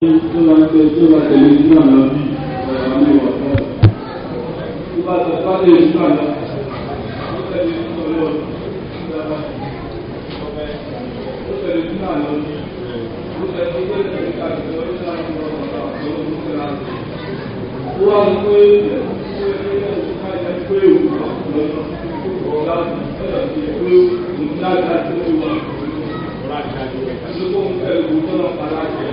tó bá tẹ tó bá tẹ̀lé nínú àná bí ọ̀rọ̀ mi wà fún ọ. tó bá tẹ bá tẹ̀lé nínú àná ó tẹ̀lé nínú ọ̀rọ̀ ìjọba ó tẹ̀lé nínú àná bí ó tẹ̀lé nínú ẹ̀sẹ̀ nípa ìjọba ó tẹ̀lé nínú ọ̀rọ̀ ọ̀rọ̀ ọ̀rọ̀ ó tẹ̀lé nínú ọ̀rọ̀ ó wà ní pé pé ọ̀gá ọ̀gá ti pé òun náà dá sí ìwà ìṣòro àti àjẹwò ìṣòro tó ń fẹ́ ìwòsàn ọ̀pá láti ẹ̀.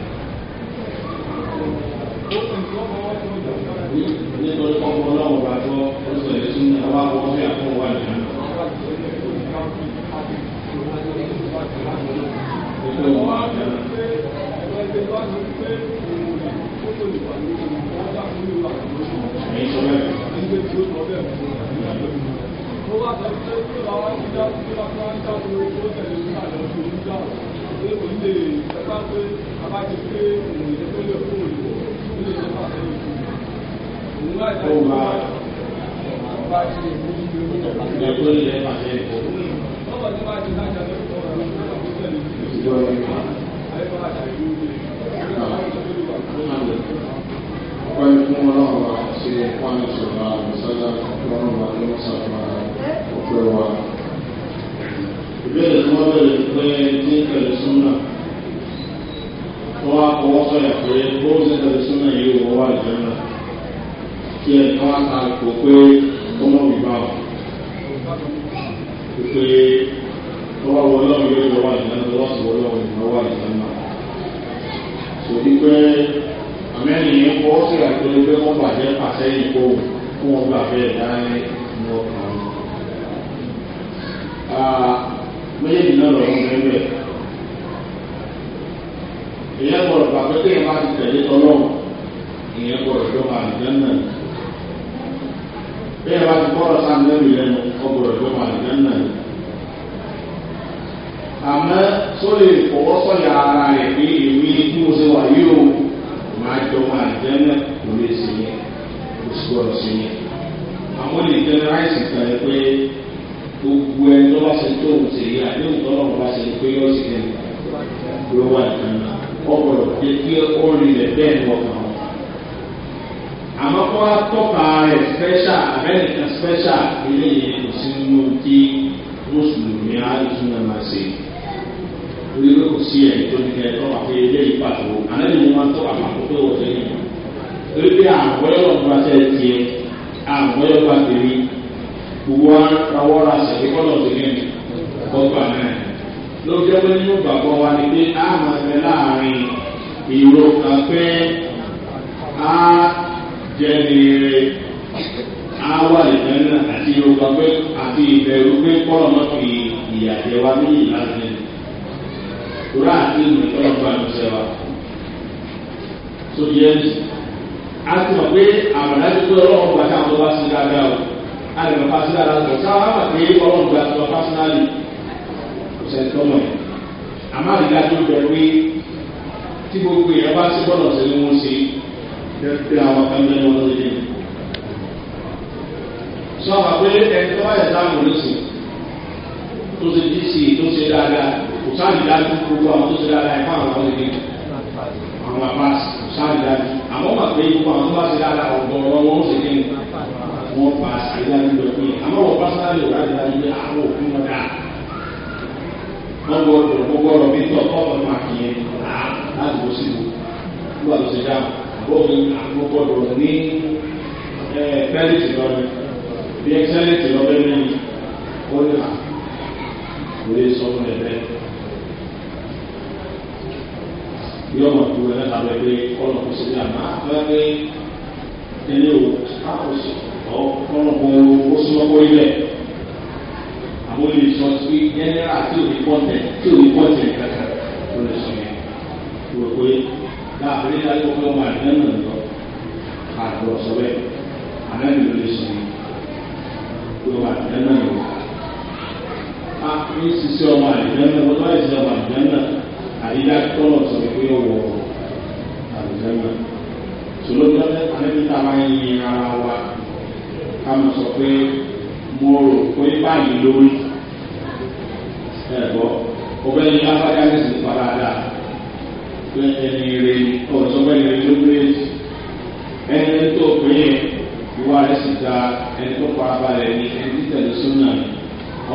lórí rẹ̀ ipò kó wọn bá fẹ́ dáhẹ́ ní ọkàn wọn. méjèèjì náà lọ́wọ́ bẹ́ẹ̀ ìyẹn gbọ́dọ̀ pàtó kí ẹ bá ti tẹ̀lé tọ́lọ́mù ìyẹn gbọ́dọ̀ tó máa ń jẹun náà bí ẹ bá ti bọ́ọ̀rọ̀ sáà lẹ́nu lẹ́nu ọgbọ̀dọ̀ tó máa ń jẹun àmọ́ tó lè ara rẹ̀ pé èmi tí mo ṣe wà yìí o máa jọ máa jẹun náà gbọdọ̀ sí yẹn àwọn olè jẹnẹráìsì kan ẹ pé gbogbo ẹ tó bá ṣe tó òun ṣe yá ní òun tọ́lọ́mù bá ṣe pé yóò ṣe yẹn ló wà nìkan ọgbọdọ̀ pé kí ó rinlẹ̀ bẹ́ẹ̀ ni ọkàn wọn. àmọ́ kó wá tọ́ka rẹ̀ spẹ́ṣà abẹ́nìkan spẹ́ṣà eléyìí kò sí nínú tí mùsùlùmí àdùsùn náà máa ṣe orí ló kò sí ẹ̀ tó ní kẹ́ tọ́ka pé eléyìí pàtó àlẹ́ torí pé àgbọ̀yọ̀ ọ̀gbà tẹ̀ tiẹ̀ àgbọ̀yọ̀ ọ̀gbà tẹ̀lé gbogbo wa rawọ́ ra sẹ̀lẹ̀ kọ́lọ̀ tẹ̀lé mi kọ́gbà náà ló jẹ́ pé nínú gbàgbọ́ wa ni pé a máa fẹ́ láàrin ìró kàfẹ́ á jẹni rẹ̀ á wà lẹ́yìn náà àti ìró kàfẹ́ àti ìbẹ̀rù pé kọ́lọ̀ náà fi ìyàjẹ́ wa ní ìlànà ìrora àti ìmọ̀ ìtọ́jú àti ìṣẹ́ wa. So yes a ti mọ̀ pé àmàlà ti pé ọlọ́run gba ká àwọn wá sí dáadáa o a lè mọ̀ fá sí dáadáa sọ sáà wá pé ọlọ́run gba ti lọ pásínálì kò sẹ́ni tó mọ̀ ẹ̀ àmọ́ àrídájú bẹ̀ pé tí gbogbo èèyàn bá sí bọ́ọ̀lù ọ̀sẹ̀ ni wọ́n ṣe pé àwọn kan lẹ́nu ọdún lè dé. sọ wà pé ẹni tó bá yẹ sáàmù lóṣù tó ṣe dc e, tó ṣe dáadáa kò sáà àrídájú gbogbo àwọn tó ṣe dáadáa ẹ̀fọ́ àwọn kan lè àwọn abáàsì sáàdìdájú àmọ́ mà pé ikú àwọn tó bá ti dáadáa ọ̀dọ̀ ọ̀rọ̀ wọn ó sì dé wọn pa àìdájú lọ pé àmọ́ wọn bá sáàdì ọ̀dájú pé àwọn òfin wọn dáa wọn gbọdọ̀ wọn gbọdọ̀ bí tọ́ ọ̀pọ̀ máa kì í láti bó sí ibò nígbà tó ti dá àwọn gbọdọ̀ ní pẹ́ẹ́lìtì ní ó yọ ọmọ tó ẹ lẹ́ka lọ pé ọlọ́ kò sí ìlànà àbẹ́ pé ẹni ò àkóso ọlọ́ kò ó súnmọ́ kó ilẹ̀ àwọn olè sọ sí jẹ́nẹ́rà tí ò ní pọ́ńtẹ̀ tí ò ní pọ́ńtẹ̀ kankan ló lè sọ yẹn wò pé láàbílẹ̀ láti kọ́kọ́ ọmọ àdínà náà lọ àgbọ̀ sọ bẹ́ẹ̀ àdáni ló lè sọ yẹn wò pé àdínà náà lọ. a ní sísé ọmọ àdínà náà wọ́n bá ìsẹ́ ọmọ àdínà àyíká tọ́lọ̀ sọ pé ó wọ àlùjáná ṣòro ní ọjọ́ àlẹ́bíta máa ń yin ara wa ká mọ̀ sọ pé mo rò pé báyìí lórí ẹ̀gbọ́ ọbẹ̀ yìí lápájá ní sì parada pé ẹni rè ọ̀sọ́gbẹ́ rè ló gbé ẹni tó pé yẹn ìwà rẹ̀ sì da ẹni tó pa abalẹ̀ ní ẹni títẹ̀lé sọ́nà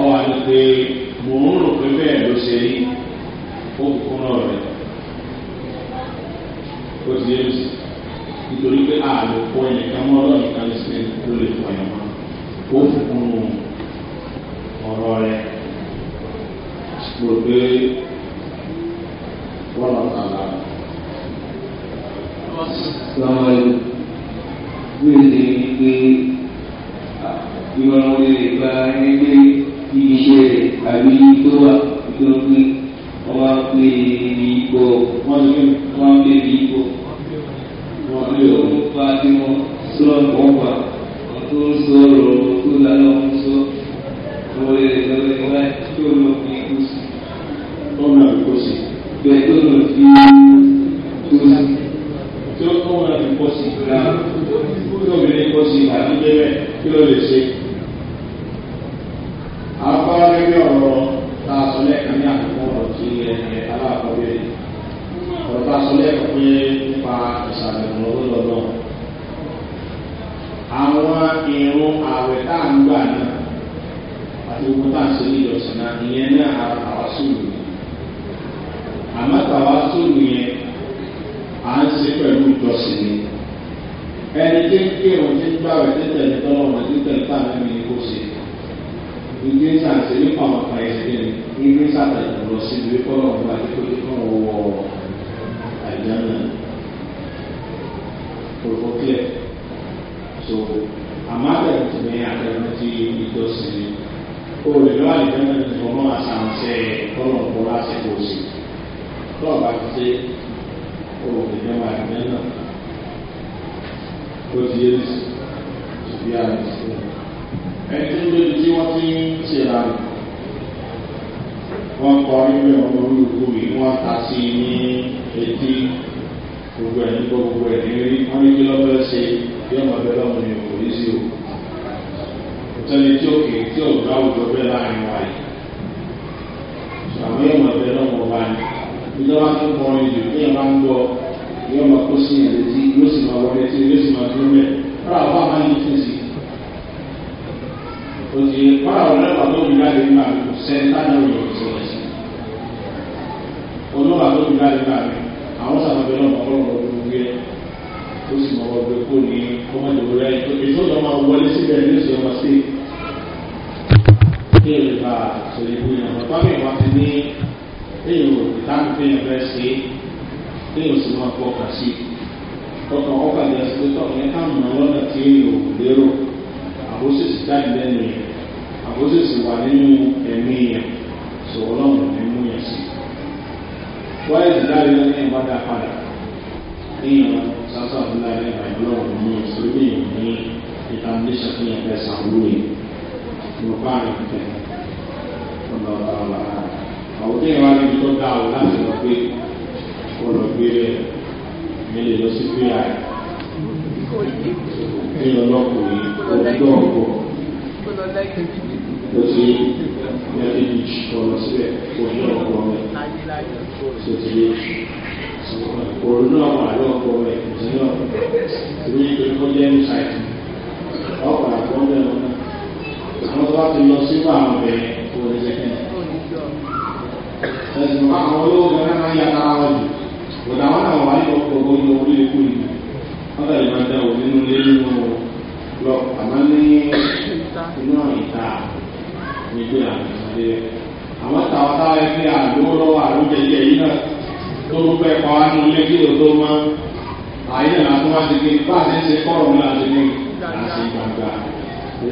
ọ̀wá ni pé mò ń rò pé bẹ́ẹ̀ ló ṣe yìí fóònù fúnra rẹ̀ ó ti yé lùsì nítorí pé ààrùn pọ̀ yẹn ká mọ́ ọlọ́run ká lè ṣe ló lè pọ̀ yẹn mọ́ ó fún ọ̀rọ̀ rẹ̀ mo rò pé wọ́n lọ kà á. Sọ́wọ́n ẹ̀ wíìlì wípé ìwọ̀n wíìlì bá ẹgbẹ́ iṣẹ́ àbí tó wà We ní ipò wọ́n ti wọ́n gbé ní bá a ṣe ní ìjọsìn náà ìyẹn ní àwa sùúrù yẹn àmọ́ tàwa sùúrù yẹn à ń ṣe pẹ̀lú ìjọsìn ni ẹni tí ń kí òun ti ń gbà wẹ̀ títẹ̀ ní tọ́lọ̀ wọn títẹ̀ nípa mẹ́rin ni kò ṣe ìgbé sàṣẹ nípa àwọn kan ẹ̀ṣẹ̀ ní ìgbé sàṣẹ lọ sí ìwé kọ́lọ̀ wọn àti kó tó kàn wọ àìjáná kòkó kílẹ̀ so àmọ́ àbẹ̀rẹ̀ tó ní àtẹ̀rántí ìjọsìn ni kó o lè lọ́wọ́ àlejò náà ti fọmọ́ àṣàǹṣẹ́ tọ́lọ̀ kó lásìkò sí tọ́lọ̀ bá ti ṣe kó o lè lọ́wọ́ àlejò náà tó ti yé lùsì tó bí àlè sí ẹni tó ń lórí tí wọ́n ti ń ṣe ìlànà wọ́n kọ́ nínú ọmọ olùkú yìí wọ́n ta sí ní etí gbogbo ẹ̀ ní gbogbo ẹ̀ ní wọ́n ní kí lọ́fẹ́ ṣe bí ọmọ bẹ́ẹ̀ lọ́mọ ni kò ní sí òkú sẹ́ni tí ó kì í tí ò láwùjọ bẹ́ẹ̀ láàrin wa yìí. Àwọn yóò máa bẹ lọ́wọ́ wa ni. Ìjọba tó ń kọrin jù ní ìyàrá ń gbọ́ yóò máa kó sí ìyẹn létí yóò sì máa wọlé tí yóò sì máa dúró mẹ́. Fọ́nà àwọn máa ń tún sí. Òtì fọ́nà àwọn ọlọ́pàá tó bìí láti nígbà mi kò sẹ́ni táwọn èèyàn ti sọ̀rọ̀ tó bìí láti nígbà mi àwọn sàbẹ̀bẹ̀ náà máa fọ́nà ọdún ó sì máa wọ kí èyí bá ṣòro ìbú yẹn lọ bá bẹ́ẹ̀ wá ti ní èyí ò dáhùn pé yẹn fẹ́ ṣe é èyí ò sì máa gbọ́ kà sí ọkàn ọkà lè ṣe pé tọ́kùn yẹn káàmù náà lọ́nà tí èyí ò lérò àbóṣèṣì jáde lẹ́nu yẹn àbóṣèṣì wà nínú ẹ̀mí yẹn sọ̀rọ̀ lọ́rùn ní mú yẹn sí wáyé ìdáre lẹ́nu yẹn bá dá padà èyí ò sásà ọ̀dúnlá yẹn àìlọ́rùn mú yẹn sórí ìtàn ní ṣàfihàn ẹ̀sán lóye. 有八人。ọ̀nà ọ̀tá ọ̀la àwọn tí ìwà ní tó dá o láti lọ pé o lọ gbé rẹ mi lè lọ sí pé à ní ọlọ́kùnrin ọ̀dọ́ ọ̀gbọ̀ tó ti yẹ́dí bíi ọ̀rọ̀ síbẹ̀ ọ̀dọ́ ọ̀gbọ̀ rẹ̀ tó ti yé òun náà wà lọ́kọ̀ rẹ̀ kò sí náà torí pé kó jẹ́ ní ṣáìtì ọ̀pọ̀ àgbọ̀n bẹ̀rẹ̀ náà àwọn tó bá ti lọ sínú kò lè lẹ́kìn. ẹ̀sùn àwọn olóògùn náà máa ń yára wọn jù kódà wọn náà wà ní ọkọ̀ orí orí ikú yìí wọ́n tẹ̀lé máa dẹ̀ wò nínú ilé nínú lọ àmọ́ ní inú ìta nígbè àgbàdé àwọn táwọn táwọn ẹgbẹ́ àdúgbò lọ́wọ́ àrùjẹjẹ yìí náà tó ń pẹ́ pa wá nínú ti gbé bá a ṣe kọ́rọ̀ ńlá ti ní àṣìgbàgbà pé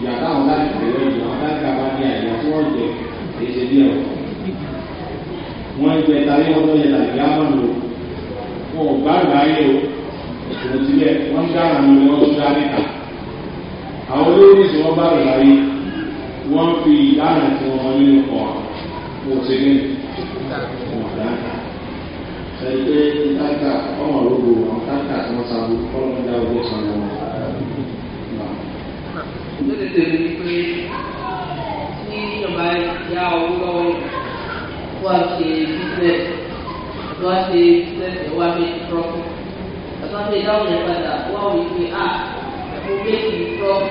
ìyá táwọn láti bẹ̀rẹ̀ ìjọ àwọn láti bá ní àyà tí wọ́n jẹ èsè bí ọ̀. wọ́n ń jẹ tayé ọjọ́ yẹn làbí ámọ̀ lò wọn ò bá gbáyé o kò tilẹ̀ wọ́n ń dára ní wọn tún dá níta. àwọn olóyè tí wọ́n bá gbáyé wọ́n fi ìdáná tí wọ́n nínú kọ̀ kò sí ní ọ̀dáńtà. ẹni pé ìdáńtà ọmọ ológo àwọn táńtà tí wọ́n sábò lórí tèmi ni pé tí ọba ya owó lọ́wọ́ wá ṣe business wá ṣe business ẹ̀ wá méjì trọ́pù àtọ́ ṣe dáhùn yẹn padà wá wí pé a mo méjì trọ́pù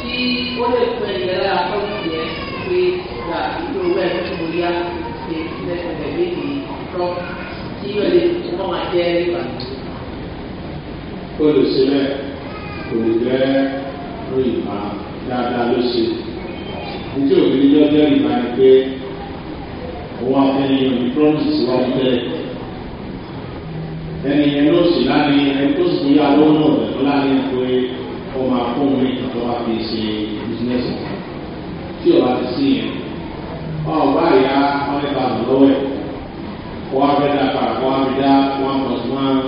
tí ó lè fún ẹ̀yẹ lára tọ́jú yẹn pé ìgbà ìlú owó ẹ̀ tó mo yá ṣe business ẹ̀ méjì trọ́pù tí ó lè fún ọmọ àjẹ́ ìgbà. olùsílẹ̀ kò jẹ́ fún ìfà dáadáa ló ṣe nítorí òbí ní lọ́jọ́ ìfà ni pé òun àtẹnìyàn ní promise síwájú tẹ́lẹ̀ ẹni yẹn ló sì láàrin ẹni tó sì fún yà lọ́wọ́ náà rẹ̀ lọ́la ní pé wọ́n máa fún mi tó wá fi ṣe business tí ọba ti sí yẹn ọba ìyá wọn lè bá lọ lọ́wọ́ ẹ̀ wọ́n á fẹ́ dá padà wọ́n á fi dá one point one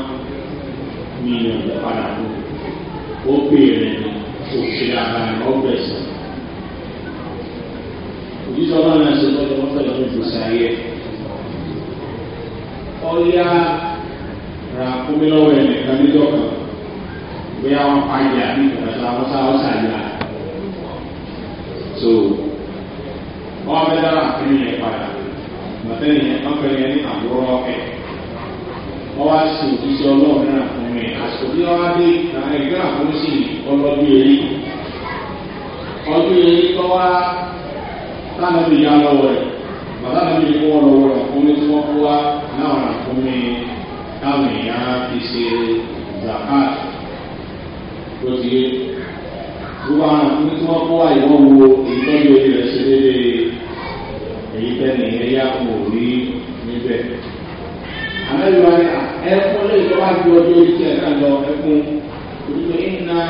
million padà fún ó pè é rẹ̀ nìyẹn kò ṣe dáadáa ọgbẹ́ sọ. òjísọ náà náà ṣe lọ́jọ́ wọ́n fẹ́ràn ní ìgbésí ayé. ọ̀yá ra kómi lọ́wọ́ ẹ̀ nìkan níjọ́ kan bóyá wọn pa ìyá ní àwọn sáwọ́sà yá. so wọ́n fẹ́ dára àfihàn yẹn padà màtẹ́yìn yẹn wọ́n fẹ́ yẹn ní àbúrò ọ̀kẹ́ wọ́n wá sí òjísọ ọlọ́run náà òbí ọba dé àwọn ẹgbẹ́ àfúnṣì ọlọ́dún yẹn ọdún yẹn tọ́wá tánàbí yá lọ́wọ́ rẹ̀ bàbá mi kó wọn lọ́wọ́ rẹ̀ fún mi tí wọ́n kó wá náà rà fún mi táwọn èèyàn fi ṣe zakat tó ti yé gbogbo àwọn àfúnṣì tí wọ́n kó wá ìwọ́n wo ìtọ́jú orí rẹ̀ ṣe déédéé èyí tẹ́ nìyẹn kò rí níbẹ̀. àmẹ́lùmọ́ ni wá ju ọjọ́ orí tiẹ̀ náà lọ ẹkún òṣìṣẹ́ ìnà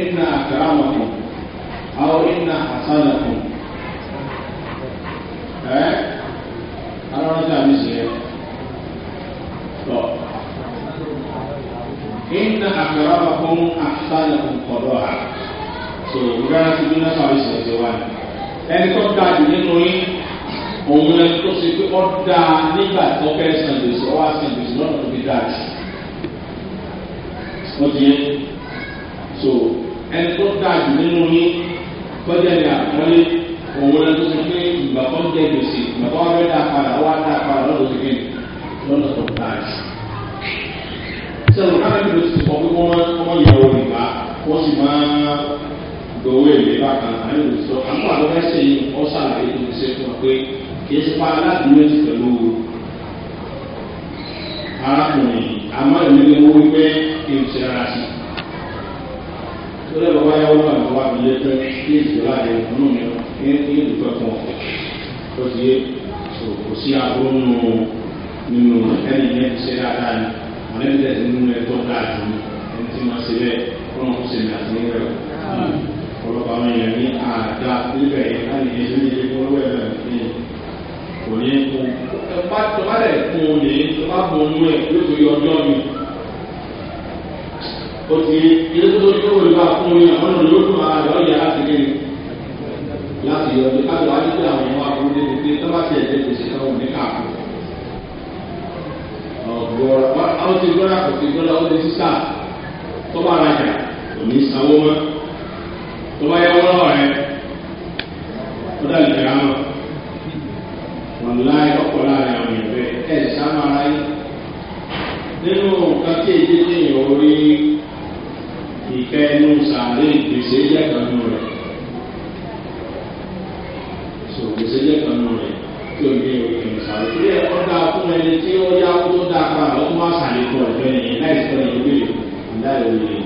ìnà àkàràmọ̀kù àwọn ìnà àsánàkù ẹ́ arọ́nàtà mi sì yẹ tọ́ ìnà àkàràmọ̀kù àsánàkù kọ̀dọ̀ à so ìgbára ti dúná sàbẹ̀sẹ̀ ti wá ẹni tó dáa jù nínú yín òun lẹni tó ṣe pé ọ dáa nígbà tó fẹ́ san gbèsè ọ wá gbèsè lọ́nà tó fi dáa jù wọ́n ti yẹ so ẹni tó dáa jù nínú yín tọ́jà ní àkọlé òun lẹni tó ṣe pé ìgbà tó ń jẹ gbèsè ìgbà tó wá fẹ́ dáa padà wá dáa padà lọ́nà tó fi lọ́nà tó dáa jù sẹ́wọ̀n káàkiri ló ti sọ pé wọ́n wọ́n yẹ wọ́n ìgbà wọ́n sì máa gbowó èlé bákan àyẹ̀wò sọ àwọn àlọ́ fẹ́ ṣe ọ̀ṣàlàyé tó ti ṣe pé kìí ṣe pa aláàbíyèsí pẹ̀lú arákùnrin àmọ́ ìlú ni wọ́n wípé kí n ṣe ara sí. tó lè bàbá yàwó náà lọ́wọ́ àbílẹ̀ pé kí èsì láàyè òun náà ní kí èsì pẹ̀ fún ọ. ó ti yé kò sí àbúrò nínú ẹni ní ẹni ṣe dáadáa ni àwọn ẹni tẹ̀sí nínú ẹ̀tọ́ dáa jù ní ẹni tí wọ́n ṣe bẹ́ẹ̀ kó náà kó ṣe ní àtúnyẹ̀wò. ọ̀pọ̀lọpọ̀ àwọn èèyàn ní àdá níbẹ̀ yẹn láti ẹni ní ilé kò ní kú tọ́ba tọ́ba lẹ̀ kú ní tọ́ba bomú ẹ̀ yóò tó yọ ọjọ́ mi o ti ilé tó tó yóò wọlé bá fún mi àwọn ọ̀nà yóò fún ara rẹ̀ ọ̀yà láti rí láti yọ ọjọ́ kájọ wájú pé àwọn ọmọ akúrú dé pé tọ́ba ti ẹ̀jẹ̀ kò sí káwọn ní káàkó ọ̀gbọ́ra àwọn ti gbọ́ra kò ti gbọ́ra ó ti sísà tọ́ba arajà kò ní sanwó mọ́ tọ́ba yẹ wọ́n lọ́wọ́ rẹ̀ ó dà lè fẹ́ràn náà wàláì ọ̀pọ̀ láàrin àwọn ìfẹ́ ẹ̀ sábà ráyé nínú nǹkan tí èyí ní ìhòòrí ìfẹ́ inú sàárè gbèsè jẹ́ kanú rẹ̀ sọ gbèsè jẹ́ kanú rẹ̀ tí o ní ìhòòrí ìfẹ́ sàárè. ilé ẹ̀kọ́ dáa fún ẹni tí ó yá owó tó dáa pa àwọn tó wá sàárè kọ ẹ̀fẹ́ yẹn láì sọ ẹ̀yìn wíìlì láì wíìlì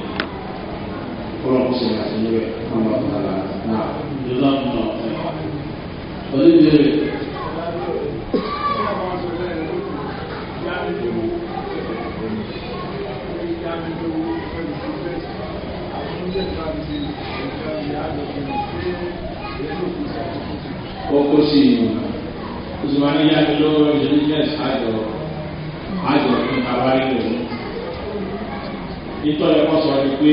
kọ́lọ́kù sí àtúnyẹ̀wẹ̀ kọ́lọ́kù tààlà náà. ìjọba ń lọ ọ̀sẹ̀ wa. olùdíje kókó sí ìwọ̀n oṣù wa ní yàtọ̀ lọ́wọ́ ìdílẹ́sì àjọ àjọ sọ ni pé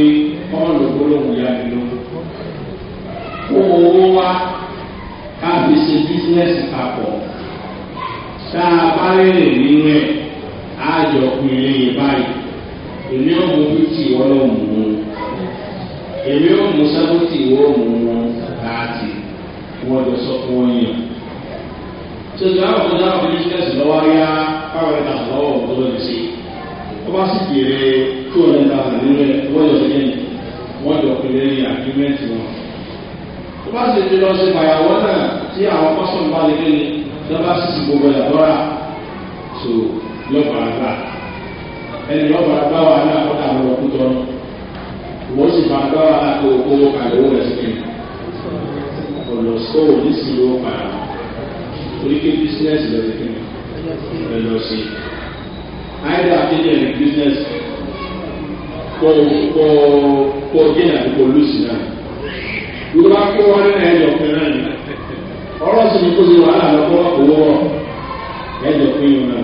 ọ̀rọ̀ gbólóhùn yá mi ló kó owó wá ká fi ṣe bísíǹnẹ́sì a bá rèrè nínú ẹ̀ àjọ pin wọ́n jọ sọ fún wọn yẹn. ṣèṣe àwọn ọ̀dọ́ àwọn oníṣẹ́sì lọ́wọ́ yá ẹ̀ka lọ́wọ́ ọ̀dọ́ lọ́dún sí. wọ́n bá sì kéré tó ọ̀dọ́ ta àlè wọ́n jọ fún yẹn wọ́n jọ fún lẹ́yìn àgbẹ̀mẹ́ntì wọn. wọ́n bá sì ti lọ sí fàyàwọ́ náà tí àwọn pásọ̀n bá lè lé lọ́ba sísì gbogbo ẹ̀ lọ́ra so lọ́ba àgbà ẹni lọ́ba àgbà wà ní àkọ́tà àwọn ọkùnrin wọ́n sì máa gbá wà láti owó lọ sọ́wọ́ nísìnyí ló padà oríkè bísínẹ́sì lọ́dún kí ẹ lọ sí i. àìdá akéde ẹni bísínẹ́sì kọ́ kọ́ kọ́ jẹ́yà àdúgbò lùsì náà. ìwé wa kó wọn náà ẹ̀jọ̀ pin náà ni ọ̀rọ̀ sì ni kó ṣe wàhálà lọ́kọ́ owó rọ̀ ẹ̀jọ̀ pin yìí náà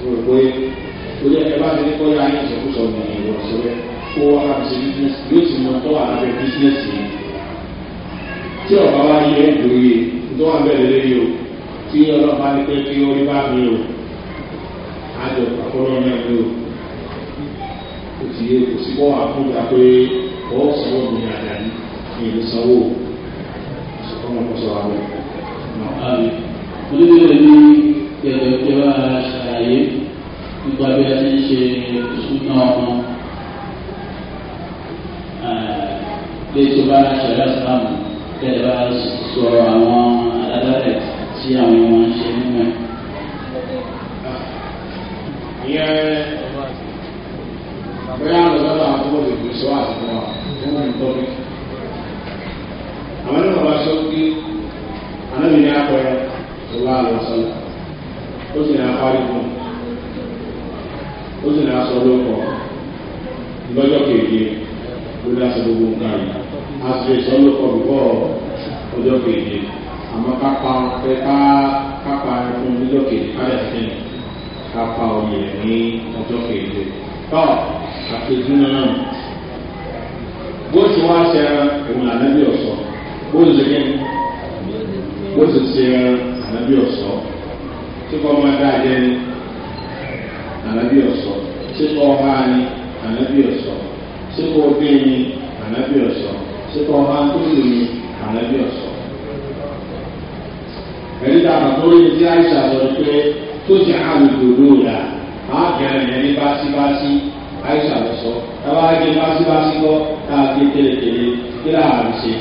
kò pé orí ẹ̀ bá ti ní kọ́ yá ayé ìṣẹ̀kúsọ̀ ní ìwọ̀sọ̀rẹ́ kó wọn á fi ṣe bísínẹ́sì yóò ti mọ tọ́wọ́ àlàbẹ̀ bísínẹ́sì yìí tí ọ̀bá wá yẹ lóye tó wà bẹ́ẹ̀ lélẹ́yìí o tí ọlọ́pàá ní pé kí orí bá mi o àjọ àkọ́lọ́ náà mi o kò sí kò sí kọ́ àkúnya pé ọ̀ sọ́wọ́ mi àjà ní ìlú sanwó ọmọ kò sọ àwọn ọmọ. oníbẹ̀rẹ̀ ní kẹ̀kẹ́ kí ṣàlàyé nípa bí a ti ṣe ìṣúná ọmọ lè tó bá ṣẹlẹ̀ sáàmù tẹ́ bá sọ̀rọ̀ àwọn alálẹ̀ tí àwọn ọmọ ń ṣe nínú ẹ̀. ìyẹn bóyá àwọn ọ̀dọ́ àwọn tó lè gbé sọ àtúntò wa tó wọ́n ń tọ́ mi. àwọn ènìyàn bá sọ pé anábì ní apẹ̀rẹ̀ tó bá lọ sọ ó sì ní apárí fún ó sì ní aṣọ lóko lọ́jọ́ kejì ló dá sí gbogbo nǹkan yìí a ṣe ìsọlọ́pọ̀ bíbọ̀ ọjọ́ kejì àmọ́ kápá pé ká kápá fún ọjọ́ kejì káyà sẹ́yìn kápá oyè ní ọjọ́ kejì. tọ́ àkejì náà bó ti wá ṣe òun ànábì ọ̀sọ́ bó ti ṣe kí bó ti ṣe ànábì ọ̀sọ́ tí kò máa dá ajẹ́ ni ànábì ọ̀sọ́ tí kò máa ní ànábì ọ̀sọ́ tí kò gbé ní ànábì ọ̀sọ́ ṣètò ọba tó sì ní àlẹ́bí ọ̀sọ́. ẹ̀rí dàgbà tó rí ti àìsàn sọ pé tó ti àmì gbòòrò rà á bẹ̀rẹ̀ yẹn ní báṣíbáṣí àìsàn lọ́sọ táwa gé báṣíbáṣí kọ́ tá a gé tẹ́lẹ̀tẹ́lẹ̀ kí là á ṣe.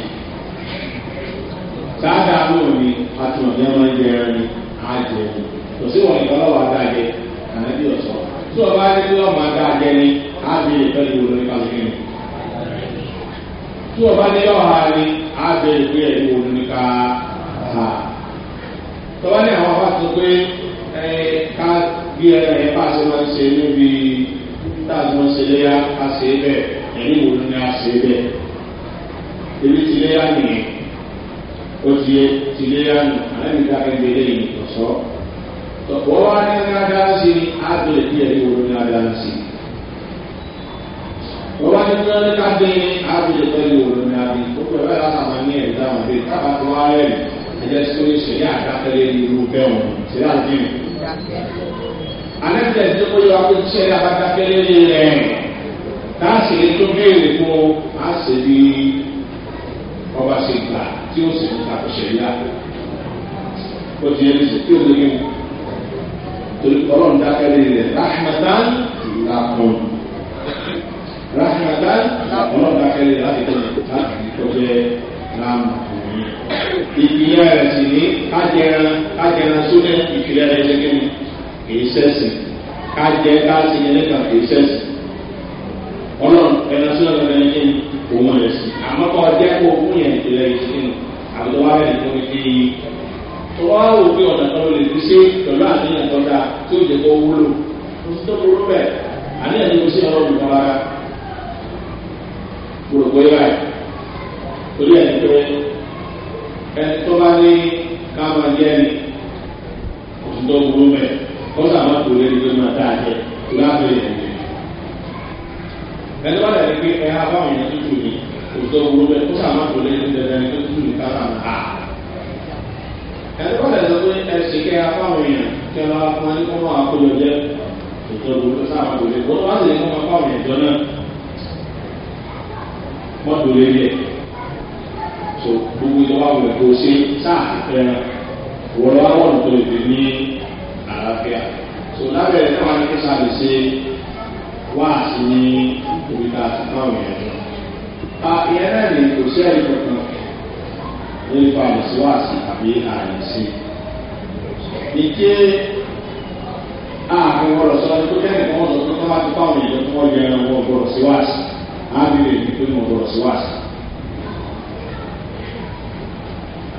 sáádà náà ni àtúnọ̀jẹ́ máa ń jẹ ẹran ni á jẹ ẹni kò sí wọn ìtọ́lọ́wọ́ adájẹ àlẹ́bí ọ̀sọ́ tí ọba ní kí wọ́n máa dájẹ ni á bí ìtọ́jú olórí kálukú tí o bá ní yọ ha ni a bẹ ìwé ẹ̀rí wo ni ká ha tọ́wọ́ ní àwọn afá sọ pé ẹ ká bí ẹ ẹ bá ṣe máa ń ṣe níbi tá a ti máa ń ṣe léyà ká ṣe é bẹ́ẹ̀ ẹ̀rí wo ni a ṣe é bẹ́ẹ̀ ebi ti léyà nìyẹn o ti yẹ ti léyà nù alẹ́ mi ká ẹgbẹ́ lẹ́yìn ọ̀ṣọ́ tọ́wọ́ wá ní ẹgbẹ́ adá ń ni a bẹ ìwé ẹ̀rí wo ni adá ń ṣe wọ́n wá ní sọ́ọ́ nípa pé ábìlẹ̀ pẹ̀lú òun ní abì tó pẹ̀lú ẹ̀ láti àwọn ní ẹ̀rí táwọn bí káàbà tó wá rẹ̀ ẹ̀jẹ̀ sórí ṣẹ̀yà àdáfẹ́lẹ́ irú bẹ́ẹ̀ ṣe láti rìn. anẹ́tẹ̀ tí ó yọ akó ṣẹ̀yà àdáfẹ́lẹ́ rẹ̀ láti lè tó béèrè fún ọ á sì rí ọba ṣe gbà tí ó sì ń takò ṣẹ̀yà. ó ti yẹn ti tó lóyún torí ọlọ́run dákẹ́lẹ́ rẹ̀ láhàmẹ́tàn Rahmatan allah kẹlẹ̀ láti tẹ̀lé láti tó jẹ́ láàmù òní. ìpìlẹ̀ rẹ̀ sì ní kájẹran kájẹran súnlẹ̀ ìpìlẹ̀ rẹ̀ ṣe kí ni kì í sẹ́sìn kájẹ káàsì yẹn nípa kì í sẹ́sìn. ọlọ́run ẹran súnlẹ̀ lọ́dọ̀ yẹn kí ni òun rẹ̀ sí. àmọ́ kọ́ ọjẹ́ kó fún yẹn ìpìlẹ̀ rẹ̀ ṣe kí ni àbúrò wa bẹ̀rẹ̀ tó ní kí wọ́n á wò pé ọ̀nà kan lè fi ṣe pẹ̀lú àníyàn tó dáa tó jẹ́ kó wúlò. mo ti tó burú bẹ́ẹ̀ àníyàn mo rò pé báyìí torí ẹ̀ ń pẹ́ ẹni tó bá ní ká máa jẹ́ ni kò sí tó burú mẹ́ kọ́sà máa kò lé ní pé máa dáa jẹ lábẹ́ ẹ̀ ní. ẹni wọ́n lè rí pé ẹ á bá òyìnbó tútù ní kò sí tó burú mẹ́ kọ́sà máa kò lé ní pé ẹni tó tútù ní ká máa ha. ẹni wọ́n lè sọ pé ẹ sì kẹ́ ẹ bá òyìnbó kẹ́ ẹ máa fún ẹni kọ́ máa kó lọ jẹ́ kò sí máa kò lé wọ́n wá lè kọ́ mọ́tò lórí ẹ̀ so gbogbo ìjọba wọlé kó ṣe sáà fẹ́ràn wọ́n wá wọ́n tó lè ní àlàáfíà so lábẹ́ ẹ̀ náà ní kíkà lè ṣe wá sí ní orí ta táwọn èèyàn jọ. a ìyẹn náà ní kò sí ẹ̀rí kankan lórí pa àlè sí wá sí àbí àlè sí. ìké ààfin wọ́n sọ́dọ̀ tó kẹ́rin kan wọ́n lọ sọ́dọ̀ tó bá ti fáwọn èèyàn tó wọ́n yẹ ẹran wọ́n gbọ́dọ̀ sí wá sí ábìrì ní pé mo lọ sí wáṣà.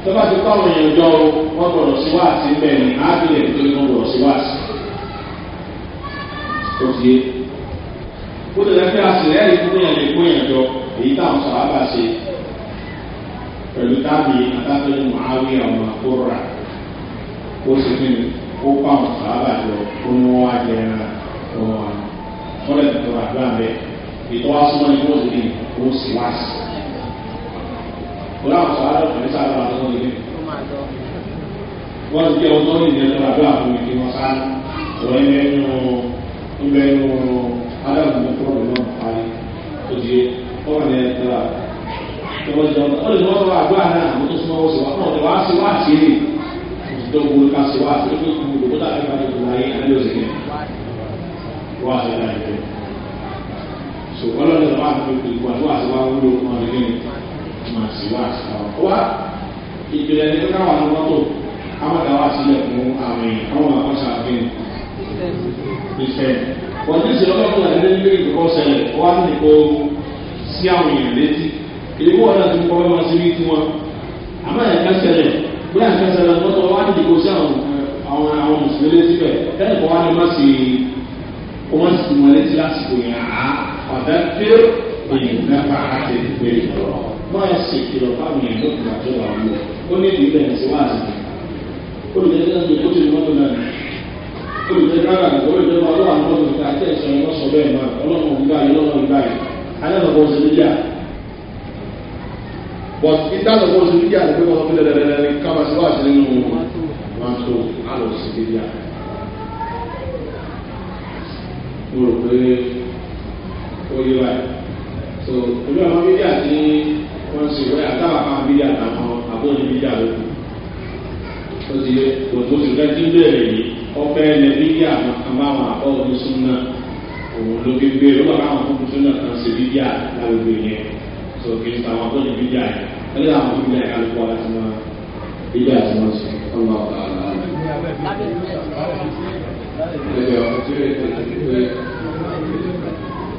tó bá ti pàwọn èèyàn jọ wọ́n gbọ́dọ̀ sí wáṣà ń bẹ̀ ní ábìrì ní pé mo lọ sí wáṣà. ó ti yé ó lè lẹ́fẹ́ àṣìlẹ́ ìfún yẹn lè kó yẹn jọ èyí táwọn sọ̀rọ̀ àbá ṣe pẹ̀lú tábì àtàkùn mọ̀háwí ọmọ àkórà ó sì fi ó pa àwọn sọ̀rọ̀ àbá jọ ó mú wá jẹ ẹran ọmọ àwọn wọ́n lè tọrọ àbá bẹ́ẹ̀ ètò wa súnmọ́ ní bóòlù ní kó sì wá sí. Bọ́lá àwọn sọ̀rọ̀ àlọ́ ìfẹ́ sábà tó wọlé. Wọ́n ti jẹ́ ọtọ́ ní ìdẹ́tọ́ àbí àwọn ìdí wọn sá ọ̀rọ̀ ilé nínú ilé nínú adágún ní pọ́ọ̀lù náà parí. Ó di ọ̀rọ̀ ní ẹ̀tọ́ à. Wọ́n ti jẹ́ so wọn lọ́dọ̀ wà ní ìgbà tó àtiwá wúlò wọn ní kíni màá sì wá àtiwá wá ìpìlẹ̀ ní káwá ní mọ́tò àwọn àdáwà sílẹ̀ fún àwọn èèyàn àwọn àkọ́sà kíni ìfẹ́ wọ́n ti sọ lọ́dọ̀ tó àdéhùn pé ìkọ́kọ́ sẹlẹ̀ wọ́n á ní kó sí àwọn èèyàn létí èyí wọ́n náà ti kọ́ wọn síbi tí wọ́n àmọ́ ẹ̀ka sẹlẹ̀ bí ẹ̀ka sẹlẹ̀ mọ́tò wọ́n á ní kó sí àwọn ọ̀dàdé ìyìnbá àti ìgbé ìrọ̀ máa ṣe ìkìlọ̀ fáwọn èèyàn ni? kàn tó wà wọ́n ó ní ìdílé ẹ̀ sí wáàsì olùdarí náà ní kó tó ní mọ́tò náà olùdarí náà ní olùdarí náà lọ́wọ́ àwọn ọmọ ìgbà àti ẹ̀sọ́ ẹ̀ lọ́sọ̀ bẹ́ẹ̀ máa ọlọ́mọ ìgbà yìí lọ́wọ́ ìgbà yìí alẹ́nàbọ̀ ọ̀sẹ̀ mídíà but ìdánàbọ̀ ọ̀sẹ̀ mídíà ni pé wọ́n fi lẹ́lẹ́lẹ́lẹ́ káma sí wáàsì nínú wọn máa tó alọ̀ sí mídíà. mo rò pé oyè báyìí so olú àwọn mídíà tí wọ́n ṣe wẹ́ àtàwọn àwọn mídíà táwọn àbóyè mídíà ló kù ó ti yẹ òtò sì fẹ́ tí bẹ́ẹ̀rẹ̀ yìí ọ̀fẹ́ ẹ̀lẹ́ mídíà àbáwọn àbọ̀ ọdún súnmọ́ òun ló fi gbé lọ́wọ́ àwọn fún súnmọ́ kan ṣe mídíà lágbègbè yẹn so kì í sàwọn àbóyè mídíà yẹn ẹ̀lẹ́ àwọn mídíà yẹn kálukú ọ̀la tí wọ́n mídíà tí wọ́n ṣe ọlọ́ Gracias.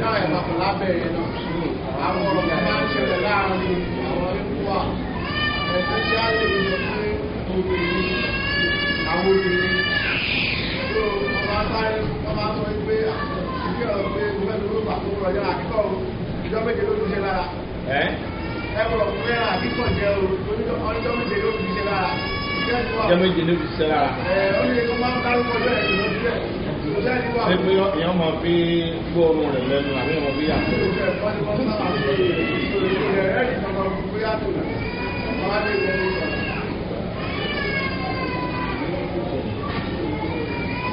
náà ìpapọ̀ lábẹ́rẹ́ náà àwọn ọ̀rọ̀ kan máa ń ṣẹlẹ̀ láàrin àwọn ẹ̀kúwà ẹ̀sẹ̀ tí a lè lọ sí obìnrin àwọn obìnrin tó ọba sáré méje ló ti ṣe lára ẹ wọ̀ fún ẹ̀rọ àkíkọ̀ jẹ́ o ọjọ́ méje ló ti ṣe lára ṣé pé èèyàn máa fi gbọ́ ọrùn rẹ̀ lẹ́nu àbí ọmọ bí yàtọ̀.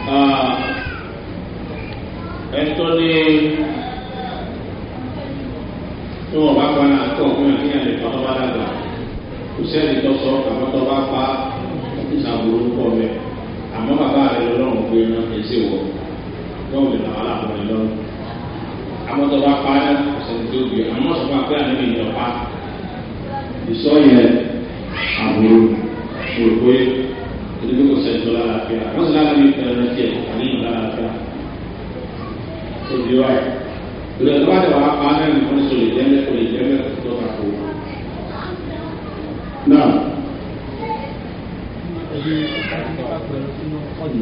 Ah, ẹni tó tí wọn bá pa náà tó ọkùnrin àti ìyá nìkan tó bá dàgbà kò sẹ́ni tó sọ àmọ́ tó bá pa ìsàbùrù pọ̀ mẹ́rin àmọ́ bàbá rẹ lọ́rùn pé iná ẹsẹ̀ wọ̀ lọ́wọ́ ìlànà aláàbọ̀n lọ́rùn. amọ́tọ́ bá pa á ọ̀sẹ̀ tó gbé àmọ́ sọ fún apẹ́ àníbi ìjọba ìsọ yẹn àbúrò òròpé ìdílé kò sẹ́yìn tó lára fíà wọ́n sì láti ní ẹ̀rọ tiẹ̀ àníyàn lára fíà tó di wáyé. ìrẹ̀lẹ́ tó bá dẹ̀ wá pa á náà nìkan sọ lè jẹ́ mẹ́kọ̀ọ́ lè tó kà kó. náà. lọ sínú wọ́n ti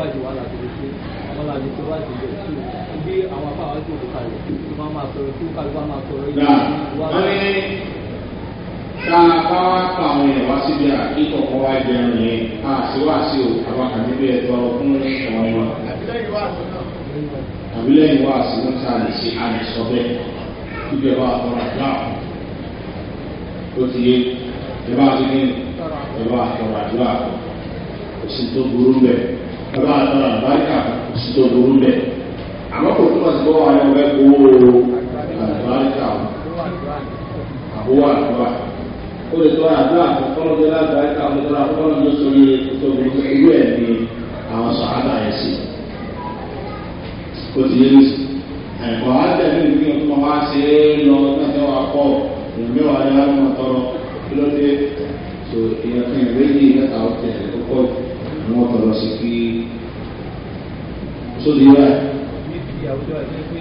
wájú wàhálà tó ṣe wọ́n lájú tó wájú rẹ̀ sí bí àwọn afá wájú òkú kalẹ̀ tó máa máa sọ̀rọ̀ tó kálí bá máa sọ̀rọ̀ yìí. wọ́n ní ká bá wá pa àwọn èèyàn wá ìjọba àtọ̀rọ̀ àgbà ó kò sí tó burú bẹ̀ bàbá àtàrà àbáríkà kò sí tó burú bẹ̀ àmọ́ kò túmọ̀ sí bọ́wọ́ ayé ọ̀gá kó àbáríkà àbúwà àbúwà ó lè tọ́ àdúrà fọ́nà tó láti àbáríkà mo tọ́ra fọ́nà tó sórí tó burú irú ẹ̀ ní àwọn sàádà yẹn sí kò sí yé lùsì ẹ̀kọ́ á tẹ̀lé ìgbé ọkọ̀ wá sí lọ tẹ́tẹ́ wa kọ́ ìrìnmẹ́wàá yára mọ̀ tọrọ kí ló dé so ìyẹn kan ìrẹ́lì mẹ́ta ọ̀tẹ̀ ẹ̀kọ́ pọ̀ jù ni wọ́n tọrọ sí pé ó di yára. níbi àwùjọ àti pé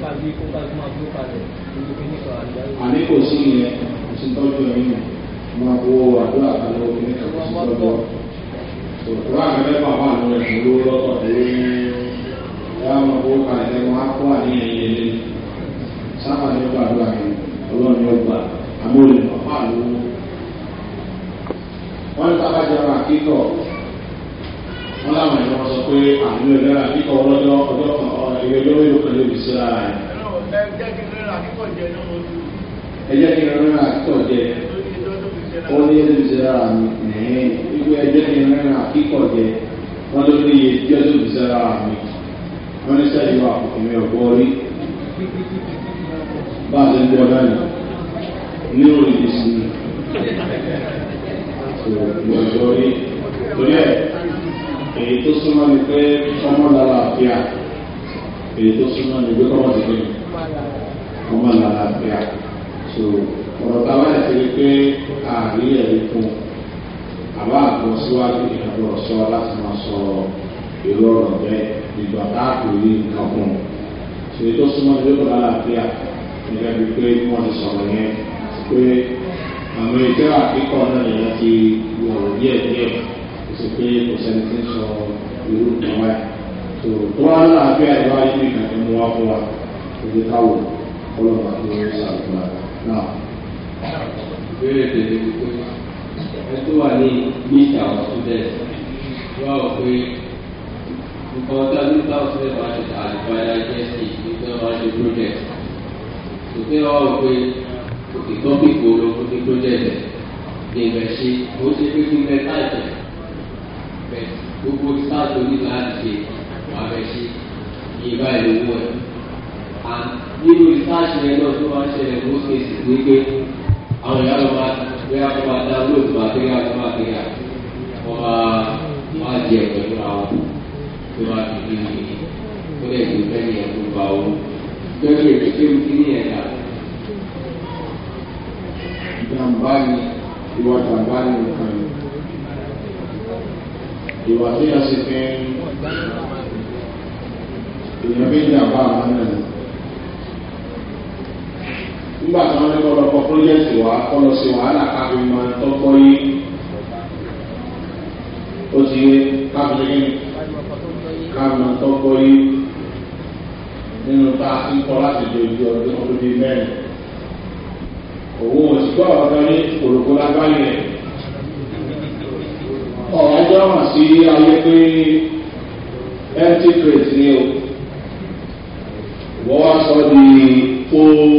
pàdé kó pàdé máa dúró kalẹ̀ lórí pé nípa àgbà. àní kò sí ìyẹn kò sí tọ́jú ẹ̀yìn máa wo àdúrà kan lọ́wọ́ kí ní kò sí tọ́jú òkúra àgbẹ̀ bàbá àwọn ẹ̀sìn ló lọ́tọ̀ lórí ẹ̀yà máa wo kalẹ̀ ẹ̀ máa kó àníyàn yẹn lé sábà ní gbàdúrà yẹn ọlọ́run yóò gbà àmọ́ olè bàbá wọ́n ní sábà jẹun àkíkọ̀ wọ́n láwọn ìjọba sọ pé àwọn ìlú ìlera àkíkọ̀ ọlọ́jọ́ ọjọ́ kan ẹ̀yẹ ọjọ́ mélòó kan lóbi sí ara rẹ̀. ẹ jẹ́ kí ìlera àkíkọ̀ jẹ ní ọdún. ẹ jẹ́ kí ìlera àkíkọ̀ jẹ ó ní ẹni sí ara mi nìyẹn wípé ẹ jẹ́ kí ìlera àkíkọ̀ jẹ wọ́n ló ní iye bí ọdún sí ara mi wọ́n ní sẹ́yìn wà fún ọgbọ́ rí bá a ti ń bọ́ lánàá ní òrìṣì òògùn ọjọ́ rí torí ẹ̀ èyí tó súnmọ́ ni pé ọmọ lára àfíà èyí tó súnmọ́ ni pé kọ́mọ̀ ti gbìn ọmọ lára àfíà so ọ̀rọ̀ táwa ẹ̀ ti rí pé àárín ẹ̀rí fún àbá àgbọ̀ síwájú ìyàgbọ́ sọ láti máa sọ èrò ọ̀rọ̀ bẹ́ẹ̀ ìgbà káàkiri ní nǹkan fún ṣèyí tó súnmọ́ ni pé kọ́mọ̀ lára àfíà nígbà bíi pé wọ́n ti sọ̀rọ̀ yẹn pé àwọn ìjọ àkíkọ̀ náà ni wọ́n ti wọ̀rọ̀ díẹ̀ kò sí pé kò sẹ́ni tí ń sọ irú kan wáyà tó tó wá náà àbí àìwá yìí nìkan ni wá fún wa kò sí káwọ ọlọ́pàá tó ń ṣàlùfà náà. ìbéèrè tèmi ni pé ẹ tó wà ní mít àwọn student wá wọ pé nǹkan tá ní táwọn student máa ṣe àlùfáà yá jẹ́ sí nígbà máa ṣe project kò sí wá wọ pé ìgbọ́n bí gbòòrò ní tó lẹ́lẹ̀ ní ìbẹ̀ ó ṣe pé kí bẹ́ẹ̀ láìpẹ́ bẹ́ẹ̀ gbogbo sáàtò ní láti wà bẹ́ẹ̀ ṣe ní ìbá ìlówó ẹ̀. nínú ìsáàṣì ẹ̀ náà tó máa ń ṣẹlẹ̀ ló ṣe sì àwọn ìyá lọ́ba bẹ́ẹ̀ kó máa dá lóòtú àtẹ́yà tó máa tẹ̀yà wọ́n máa wá jẹ pẹ̀lú àwọn tó máa fi bí mi tó lè fi bẹ́ẹ̀ ni ẹ̀kú bá wọn. bẹ́ẹ̀ ni ìṣèlú kí ni ẹ̀ka ìjàmbá ni ìwà jàmbá ni nǹkan ni ìwà tó yà sí pé èèyàn bí jàmbá àwọn náà nígbà tí wọn ní kọ́ lọ́kọ́ pírọ́jẹ́tì wa kọ́ lọ sí wàhálà káfí máa ń tọ́kọ́ yé ó ti yé káfí yé káfí máa ń tọ́kọ́ yé nínú tá a ti kọ́ láti dojú ọdún ọdún bíi mẹ́rin òun ò sì gbọ́ ọ̀dọ́ ní kòròkó lágbáyé rẹ̀ ọ̀rọ̀ jọ hàn sí ayé pé empty crate ni o wọ́n wá sọ di fóònù.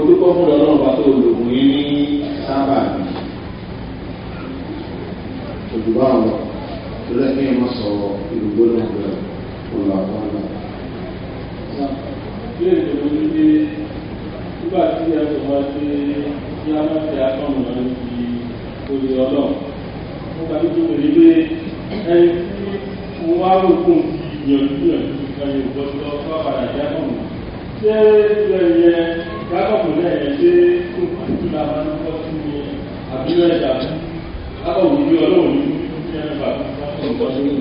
odúpọ̀ fún ọlọ́run bá tó lògùn yín ní sábà ní òdùbá ọ̀rọ̀ tó lẹ́kí ẹ̀ má sọ ìlúgbó náà bẹ̀rẹ̀ olùwà fún ọ̀rọ̀. ilé ìjọba ní pé nígbà tí ẹ sọ wá pé kí a má fi akọ́nù náà di olè ọlọ́run wọ́n gbàgbé tó wèrè pé ẹni tí mo wá rò kó ìyànjú ìyànjú ìgbà yóò bọ́ sí ọ fún àbàdà ìyá ṣé ìgbà yẹn kákọ̀kù náà yẹn ṣe kó kúkú la máa ń kọ́ sí ní àbílẹ̀ ìjà kákọ̀kù ní ọlọ́run ní kúkú ní ẹ̀fà kọ́ sí ní.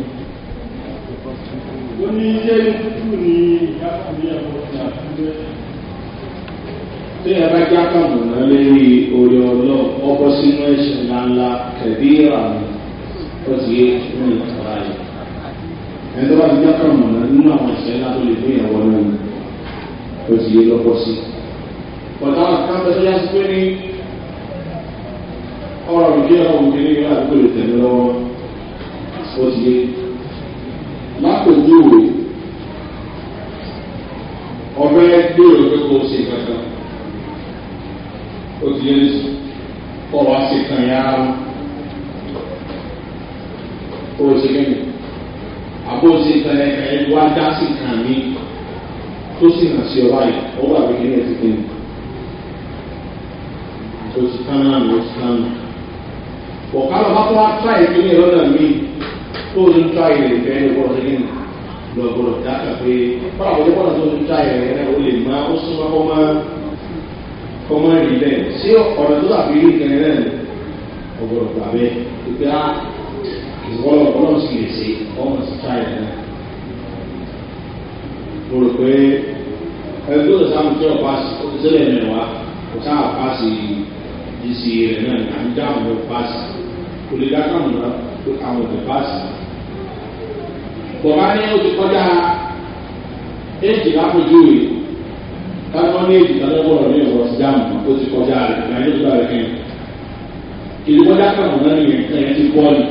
ó ní ṣé kúkú ní ìyáàkú ní ẹ̀fọ́ sí àbílẹ̀. tí ẹ bá já kàmù náà lérí orí ọlọ́run ọkọ̀ sínú ẹ̀ṣẹ̀ ńláńlá kẹ̀bí àmì ó ti yé ní ìtura yìí. ẹni tó bá ti já kàmù náà nínú àwọn ìṣẹ̀lá tó lè fún ìyàwó náà ó ti yé lọ́kọ̀ sí i pọ̀tà àwọn kan bẹ tó yásí pé ní ọ̀rọ̀ ìdí ẹ̀kọ́ òkè ní ìlú àdúgbò lè tẹ̀lé lọ́wọ́ ó ti yé lápòjú òwe ọbẹ̀ dé òwe pé kó o ṣe kankan ó ti yé kọ́ wa ṣe kan yá ó ṣe kẹ́kẹ́ àbó ṣe kan ẹ̀ wá dá sí kan mi tó sì hàn sí ọ báyìí ó wà pé kí ti kéde tó ti tán náà ló ti tán nù. ọ̀kadà bá tó wá tra ìpínlẹ̀ lọ́dà míì tó ń tra ilẹ̀ ìfẹ́ ní ọgbọ́n sílẹ̀ nù lọ́gbọ́dọ̀ dáka pé fáwọn onígbọ́nà tó ń tra ilẹ̀ yẹn ó lè má ó súnmọ́ kọ́ má kọ́ má rí bẹ́ẹ̀ sí ọ̀nà tó dàbí rí ìkẹyìn náà ni ọgbọ́dọ̀ gbà bẹ́ẹ̀ pípẹ́ á ìwọ́lọ̀ ọlọ́run sì lè ṣe ọmọ sí tra ilẹ̀ náà. mo rò pé ẹgbẹ́ òṣàmùtí ọ̀pá sílẹ̀ mẹ́wàá èsì rẹ̀ náà ní àmì dáhùn lọ paasi kò lè dáhùn lọ àwọn ọ̀dọ̀ paasi. bọ̀bá ní oṣù kọjá éèjì lápòjú rẹ̀ kájọ́ ní èjì lọ́dọ́gbọ̀rọ̀ ní ọ̀rọ̀ sí dáhùn ó ti kọjá rẹ̀ ní ayé ìgbà rẹ̀ kẹ́yìn. kìlì kọjá kàwọn náà nìyẹn kẹ́yìn ti pọ́ ni.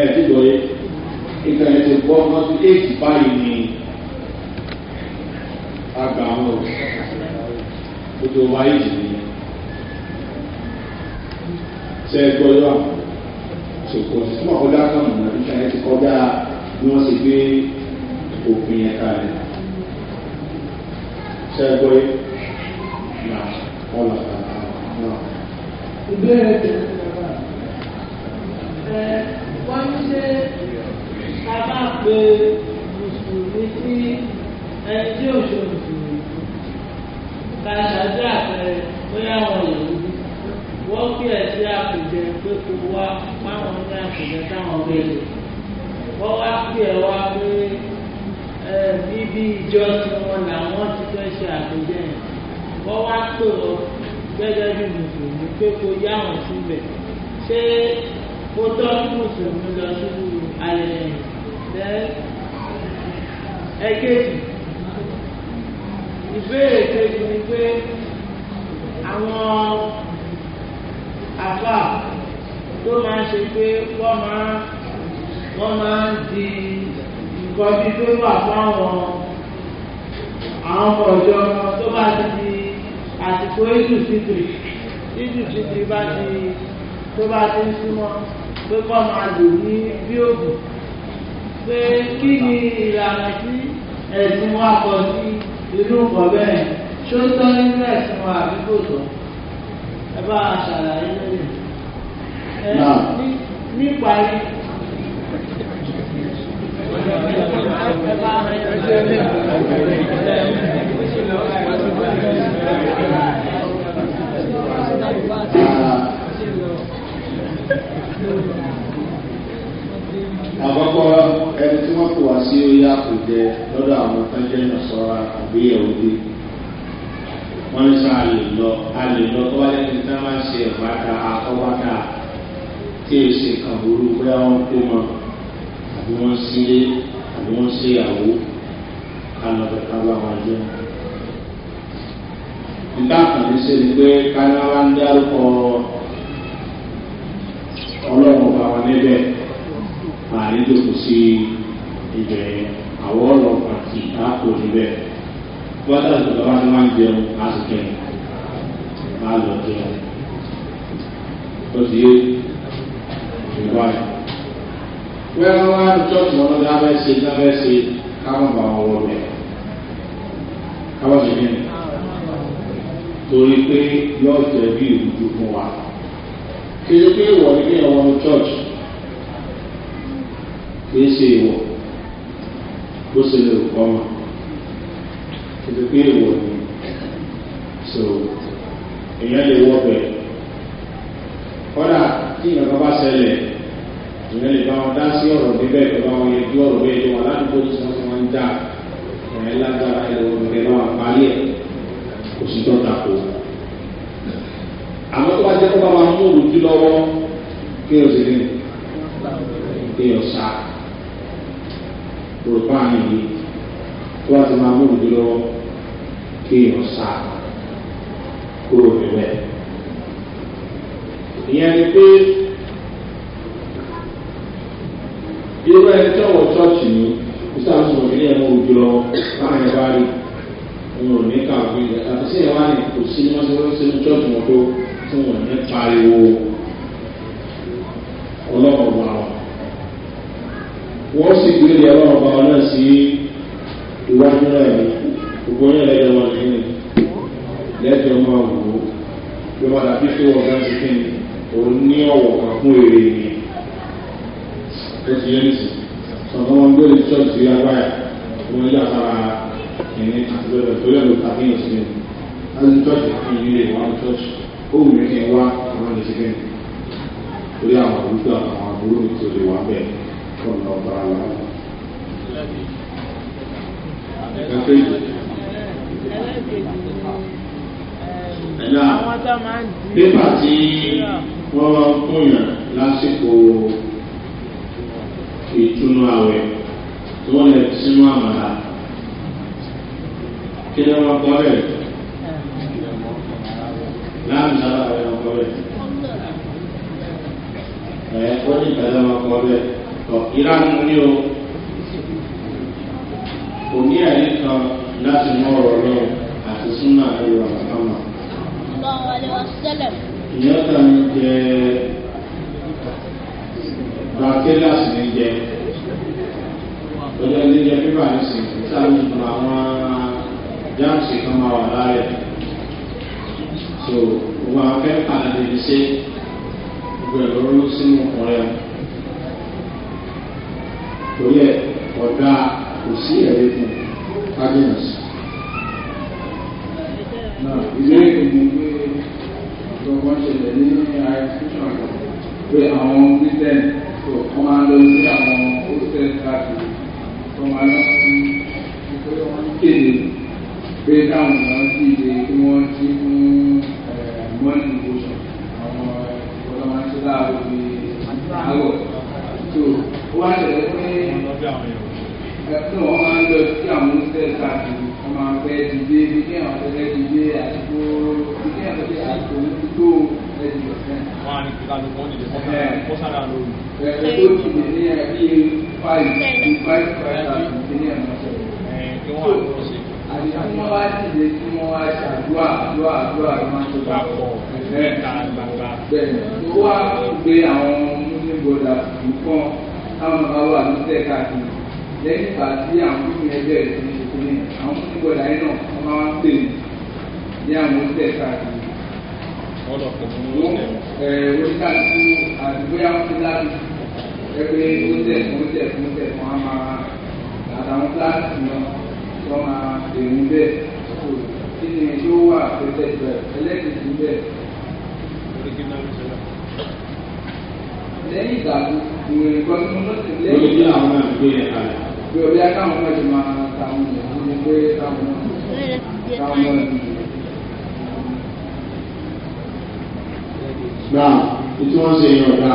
ẹ ti gbọ́ yẹ ìkànnì ti pọ́ mọ́tò éèjì báyìí ni àgbà àwọn òṣèlú gbogbo wáyé nìyẹn ṣe é gbọ́ yọ àwọn ṣòkò tí wọn kọjá kan mọ̀ ní kí ẹ ti kọjá bí wọ́n ṣe gbé òfin yẹn kalẹ̀ ṣe é gbọ́ yẹ nà ọ̀là náà. ìbéèrè tó ń bọ̀ ẹ wọ́n ní ṣe ká bá pe mùsùlùmí sí ẹni tí òṣèlú kàdà sí àpẹẹrẹ bóyá wọn lè wú wọ́n kí ẹ̀ sí àpèjẹ pé kó wá máwọn ní àpèjẹ táwọn bẹ̀rẹ̀ wọ́n wá kí ẹ̀ wá pé bíbí ìjọ tí wọn làwọn ti fẹ́ ṣe àpèjẹ yẹn wọ́n wá tó lọ gẹ́gẹ́ bí mùsùlùmí pé kó yá wọn síbẹ̀ ṣé kó tọ́ sí mùsùlùmí lọ sí ayẹyẹ yẹn ẹ̀kejì ìbéèrè kejì ni pé àwọn àfà tó máa ṣe pé wọ́n máa wọ́n máa ń di nǹkan bíi pé wà fáwọn àwọn ọmọ ọ̀jọ́ tó bá ti di àsìkò ìlú títìrì ìlú títìrì bá ti tó bá ti ń súnmọ́ pé kọ́ máa lò ní bí òògùn pé kí ni ìlànà tí ẹ̀sìn wa kọ sí i irú nǹkan bẹ́ẹ̀ ṣó tọ́ nínú ẹ̀sìn wa àbí kò tọ́ ẹ bá a ṣàlàyé lórí ẹ níparí. ẹ bá a ẹni tí wọ́n kò jẹ lọ́dọ̀ àwọn tó jẹ́ ìsọ̀ra àbí ẹ̀wọ́dé. wọ́n ní sọ àlè lọ àlè lọ tó wáyé ní tá máa ṣe ìbáta àkọ́bátà tí èsì kan burú bóyá wọ́n kó mọ́ àbí wọ́n sílé àbí wọ́n sí ìyàwó kálọ̀ kẹta bá wọn jẹ́. nígbà kan ní sẹ́ni pé kánáwá ń dárúkọ ọlọ́run bá wọn níbẹ̀ àárín tó kù àwọn ọ̀rọ̀ àti àpò níbẹ̀ bọ́dà ìjọba bá ti máa ń jẹun àsìkẹ́ máa lọ jẹun ó ti yé ìwà rẹ̀. wẹ́rẹ́ wá ní chọ́ọ̀tù wọn lọ́dọ̀ abẹ́ ṣe lábẹ́ ṣe káwọn bá wọn wọ bẹ̀ káwọn ṣe kí ni torí pé yóò jẹ bí fún wa kí ló pé ìwọ ní kí ẹ wọnú chọ́ọ̀tù kì í ṣe bó ṣe lè kọ́ wọn títí pé ni so èèyàn lè wọ́ bẹ̀ kọ́dà tí ìyànkan bá ṣẹlẹ̀ èèyàn lè bá wọn dá sí ọ̀rọ̀ bíbẹ̀ pẹ̀lú àwọn ẹbí ọ̀rọ̀ bẹ́ẹ̀ tó wọn aládùúgbò tí ti máa ń dá ẹ̀yìn lágbára ẹ̀rọ rẹ̀ náà parí ẹ̀ kò sí tó tako àmọ́ tó bá jẹ́ kó bá máa mú òrùjú lọ́wọ́ kí o sì kí o kùrùpáàni yìí tó bá ti máa mú òbí lọ́wọ́ kéèyàn sá kúrò níbẹ̀. ìyẹn ni pé irú ẹni tí ọ̀wọ̀ ṣọ́ọ̀ṣì ni bísí àwọn ọmọ ìdílé ẹ̀mọ́ òbí lọ́wọ́ láàrin bá rí wọn ò ní kàwé àti sí ìwà ni kò sí wọn ti wọ́n wọ́n sì gbélé ọlọ́run bá wọn náà sí iwájú náà ni gbogbo yẹn lẹ́jọ́ wọn ní ní lẹ́jọ́ máa wò ó bí wọ́n dàbí pé wọ́n bá ti kíni òun ní ọ̀wọ̀ kan fún èrè ni ó sọ̀tọ́ wọn gbélé church yá báyà wọ́n yà fara ẹni àti bẹ́ẹ̀ tó yẹ ló ta kí n sí ni láti church kí n yí lè wọ́n ó wù mí kí n wá àwọn ìṣẹ́kẹ́ni torí àwọn àbúrò àwọn àbúrò mi wà bẹ́ẹ̀. والله تعالى ẹ̀yà pépà tí wọ́n máa ń kóyàn lásìkò ìtúnú àwẹ̀ tó wọ́n lè sínú àmàlà kí ni wọ́n kọ́ bẹ̀ láàmì sára àwẹ̀ wọ́n kọ́ bẹ̀ ẹ̀ wọ́n ní ìgbàlá wọn kọ́ bẹ̀ ìlànà ní o kò ní ẹ̀rí kan láti mọ ọ̀rọ̀ lọ àti súnà ẹ̀rọ àmàmà. ìyá ta ni jẹ bàkélàsì ni jẹ lọ́jọ́ ní jẹ pípà ní sìn títà ní ìgbà àwọn jáàmùsì kan máa wà láàyè so wọn afẹ́ pàdé ṣe gbẹ̀rọ sínú ọ̀rẹ́ wọn torí ẹ̀ ọ̀dà kò sí fún kábíyèsí. ìbéèrè mi pé ìjọba ṣẹlẹ̀ ní àìsíṣàn àjọ pé àwọn britain tó wọ́n lọ sí àwọn hostel káàkiri tó máa lọ sí ìpínlẹ̀ wọn kéde pé káwọn èèyàn sì lè kí wọ́n ti fún eh, mọ́nì ìwòsàn àwọn ìfọdọ́mọṣẹ́ láàárọ̀ bíi àárọ̀ tó wá ṣẹlẹ̀ pé ẹ̀kú máa ń lọ sí àwọn oníṣẹ́ káàkiri wọn máa ń fẹ́ dìde bí kí àwọn afẹ́fẹ́ dìde àdúgbò bí kí àwọn afẹ́fẹ́ àdúgbò ń dúdú ẹ̀dì ọ̀fẹ́. wọn á ní kí kálukú wọn dìde kọ́sára lórí. ẹ̀ẹ́dẹ́ tó dìde ní ẹ̀bí five to five five ní ẹ̀mọ́ sọ̀rọ̀. ẹ̀ẹ́d kí wọ́n á lọ sí. àti tí wọ́n bá dìde tí wọ́n wá ṣàdúrà àdúrà àdúrà ló máa ń tó bá pọ̀ ẹ̀fẹ́ bẹ́ẹ̀ ni ó wá táwọn bá wà ní sílẹ̀ káàkiri lẹ́yìn ìgbà tí àwọn fífi ẹgbẹ́ rẹ̀ ti ṣe fún àwọn fífi gbọ́dọ̀ ayé náà wọ́n máa ń pè mí ní àwọn sílẹ̀ káàkiri. wọ́n lọ pọ̀ fún wọn. ẹ oníkà tí àdúgbò yà fún láti ẹgbẹ́ oúnjẹ fún oúnjẹ fún oúnjẹ fún wa máa àtàwọn kíláàsì náà wọ́n máa pè bẹ́ẹ̀ kí ni yóò wà pẹ́ẹ́tẹ́ ẹlẹ́kìtì bẹ́ẹ̀. lẹ́yìn ìgbà ìròyìn kan tí mo lọ́sẹ̀ lẹ́yìn. olè bí àwọn náà gbé yẹn kalẹ̀. bí ọbẹ̀ káwọn náà ti máa ta àwọn èèyàn ní pé káwọn káwọn náà ti. gbà tí wọ́n ṣe yan ọ̀gá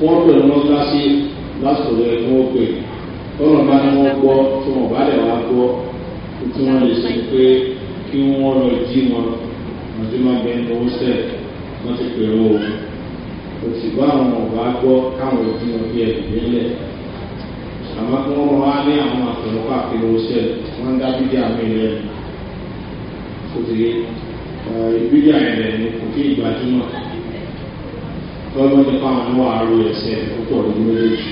wọ́n pè wọ́n lásì lásìkò rẹ̀ ni pè tọ́nà bá ní wọ́n gbọ́ tí wọ́n bá lẹ̀ wá gbọ́ tí wọ́n lè ṣe pé kí wọ́n lọ jí wọn àti máa owó ti pè kò sì bá àwọn ọ̀gá gbọ́ káwọn òbí wọn bí ẹ̀dùn nílẹ̀ àmọ́ kí wọ́n wá ní àwọn àtọ̀rọ̀ káàkiri oṣù wọn dá bídí àmì ilẹ̀ kò sì ìbílẹ̀ àìlẹ̀ ni kò kí ìgbàjúmọ̀ tọ́lọ́ nípa àwọn wà á ro ẹ̀sẹ̀ tó pọ̀ lórí méjèèjì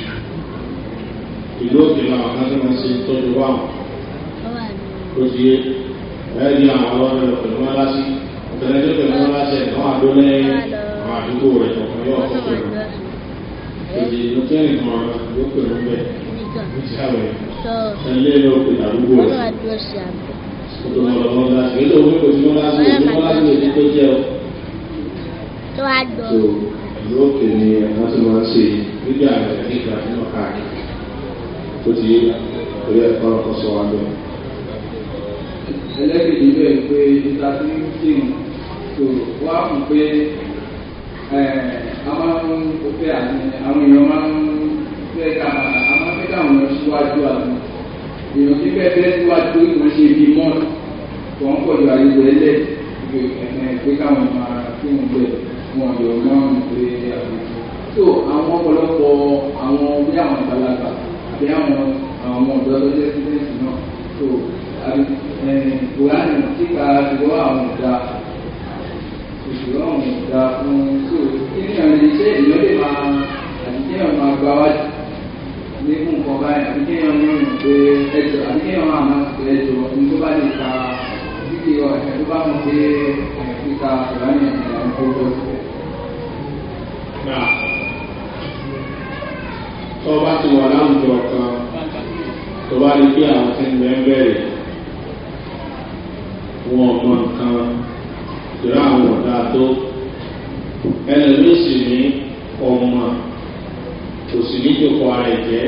ìlú òkè làwọn kan tó máa ṣe tọ́jú báwọn kò sì ẹ̀ẹ́dì àwọn ọlọ́dọ̀ pẹ̀lú wọn lásì ọ̀tẹ̀lẹ́dẹ́ pẹ̀lú wọn lásì ẹ̀ àwọn àdúgbò rẹ̀ ọ̀kan yóò kọ́kọ́ rẹ̀ òdì inú kẹ́rin kan yóò pè mú bẹ́ẹ̀ ní sàwẹ̀ ẹ̀lẹ́ yóò pè àdúgbò rẹ̀ kótó mọ̀ lọ́wọ́ bá ṣe ètò òun kò sí mọ́ láti òun mọ́ láti òun tó jẹ́ ọ. tó a gbọ́. tó ìlú òkè ni àwọn tó máa ń ṣe nígbà rẹ̀ nígbà nínú káàkiri tó ti orí ẹ̀kọ́ ọkọ̀ sọ wa lọ. ẹlẹ́gbẹ̀ẹ́ ìbẹ̀ pé ìta tí ń sìn tó wá mú pé àwọn òfẹ́ àti àwọn èèyàn máa ń fẹ́ ká àwọn afẹ́ káwọn èèyàn síwájú àti èèyàn tí fẹ́ fẹ́ síwájú ìwọ̀n ṣe bí mọ́ọ̀lù tó ń pọ̀jù àyẹ̀wò ẹlẹ́ pé káwọn máa kí wọn bẹ̀ wọn yọ̀ náà ń pè é àwọn. tó àwọn ọ̀pọ̀lọpọ̀ àwọn bí àwọn àgbàlagbà àbí àwọn àwọn ọ̀dọ́ lọ́jọ́ sí òṣèlú ọ̀hún ìgbà fún tó kíníyàn lè ṣe èèyàn lè máa àti kíníyàn máa gba wájú ní fún nǹkan báyìí àti kíníyàn ní ìrìn pé ẹjọ àti kíníyàn máa máa pè ẹjọ ní tó bá lè ka títí ọ̀sẹ̀ tó bá mọ̀ pé ìta ìlànà ìlànà ìkókó sílẹ̀. tó bá ti wà láwùjọ kan tó bá rí pé àwọn tí ń bẹ́ẹ̀ bẹ̀rẹ̀ wọn mọ nǹkan ìrá àwọn ọ̀dà tó ẹlẹ́mí sì ní ọmọ kò sì ní jòkó ara ẹ̀jẹ̀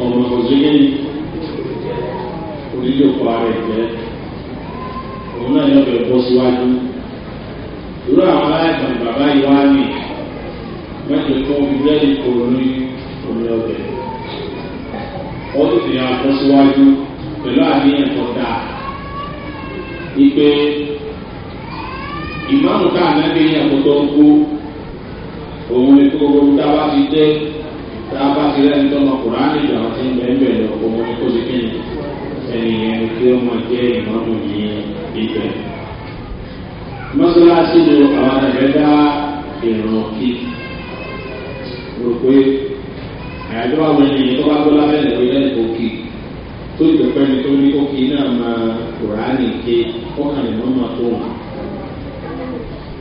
ọmọ kò sí ní oníjòkó ara ẹ̀jẹ̀ òun náà yọ bẹ̀rẹ̀ bọ́ síwájú irú àwọn aláìsàn bàbá yìí wá ní mẹ́jọ tó ń fi bẹ́ẹ̀ ní kòrò omi ọbẹ̀ ó sì fi hàn bọ́ síwájú pẹ̀lú àníyàn tó dáa ipe ìmáàmù ká ànágbé ní àkótó kú òun lè kó gbogbo tá a bá ti dé tá a bá ti rẹ́ni tó ma kùránì ìgbà wọn ti ń bẹ́ẹ̀ bẹ́ẹ̀ lọ òun ni kó ti kí ni ẹnìyẹn kí ó máa jẹ́ ìmáàmù ní ibẹ̀. mọ́sálásí lo àwọn ẹ̀fẹ́ dá ìrùn kí rò pé àyájọ́ àwọn ènìyàn tó bá gbọ́ lábẹ́ ìlú ilé ìkókì tó lè pẹ́ ni tó ní ókè náà máa kùránì ké ọkànlélọ́ máa tó wọn.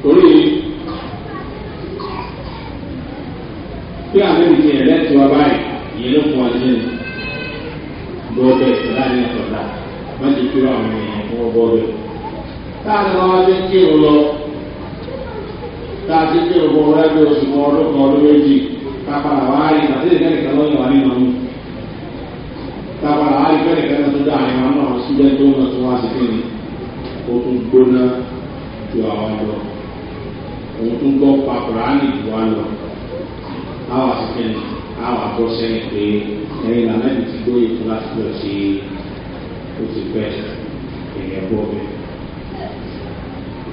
torí pé àwọn ènìyàn ẹlẹ́tọ̀ abáyé ìyẹn ló fún wa lẹ́nu lọ́wọ́ bẹ́ẹ̀ tó láàrin àtọ̀lá má ti kúrò àwọn ènìyàn fún ọgbọ́ rẹ̀. táàbù wa ti kí o lọ táàbù kí o bọ̀ wọ́n lábẹ́ oṣù kan ọdún kan ọdún méjì kápá àwọn àárín àti ìdẹ́nìkan lọ́yọ̀ wà nínú ọdún tábàlà á rí fẹ́rẹ̀ fẹ́rẹ̀ tó dá àríwá náà síbẹ̀ tó náà tó wá sí kéde ó tún gbóná ju àwọn lọ òun tún gbọ́ pàkùránì ju wa lọ àwọn àtìkẹ́ni àwọn àtọ́sẹ́ pé ẹ̀yìn lànà ìlú ti gbóyè fún láti lọ sí ó ti pẹ́ èèyàn bọ́ bẹ́ẹ̀.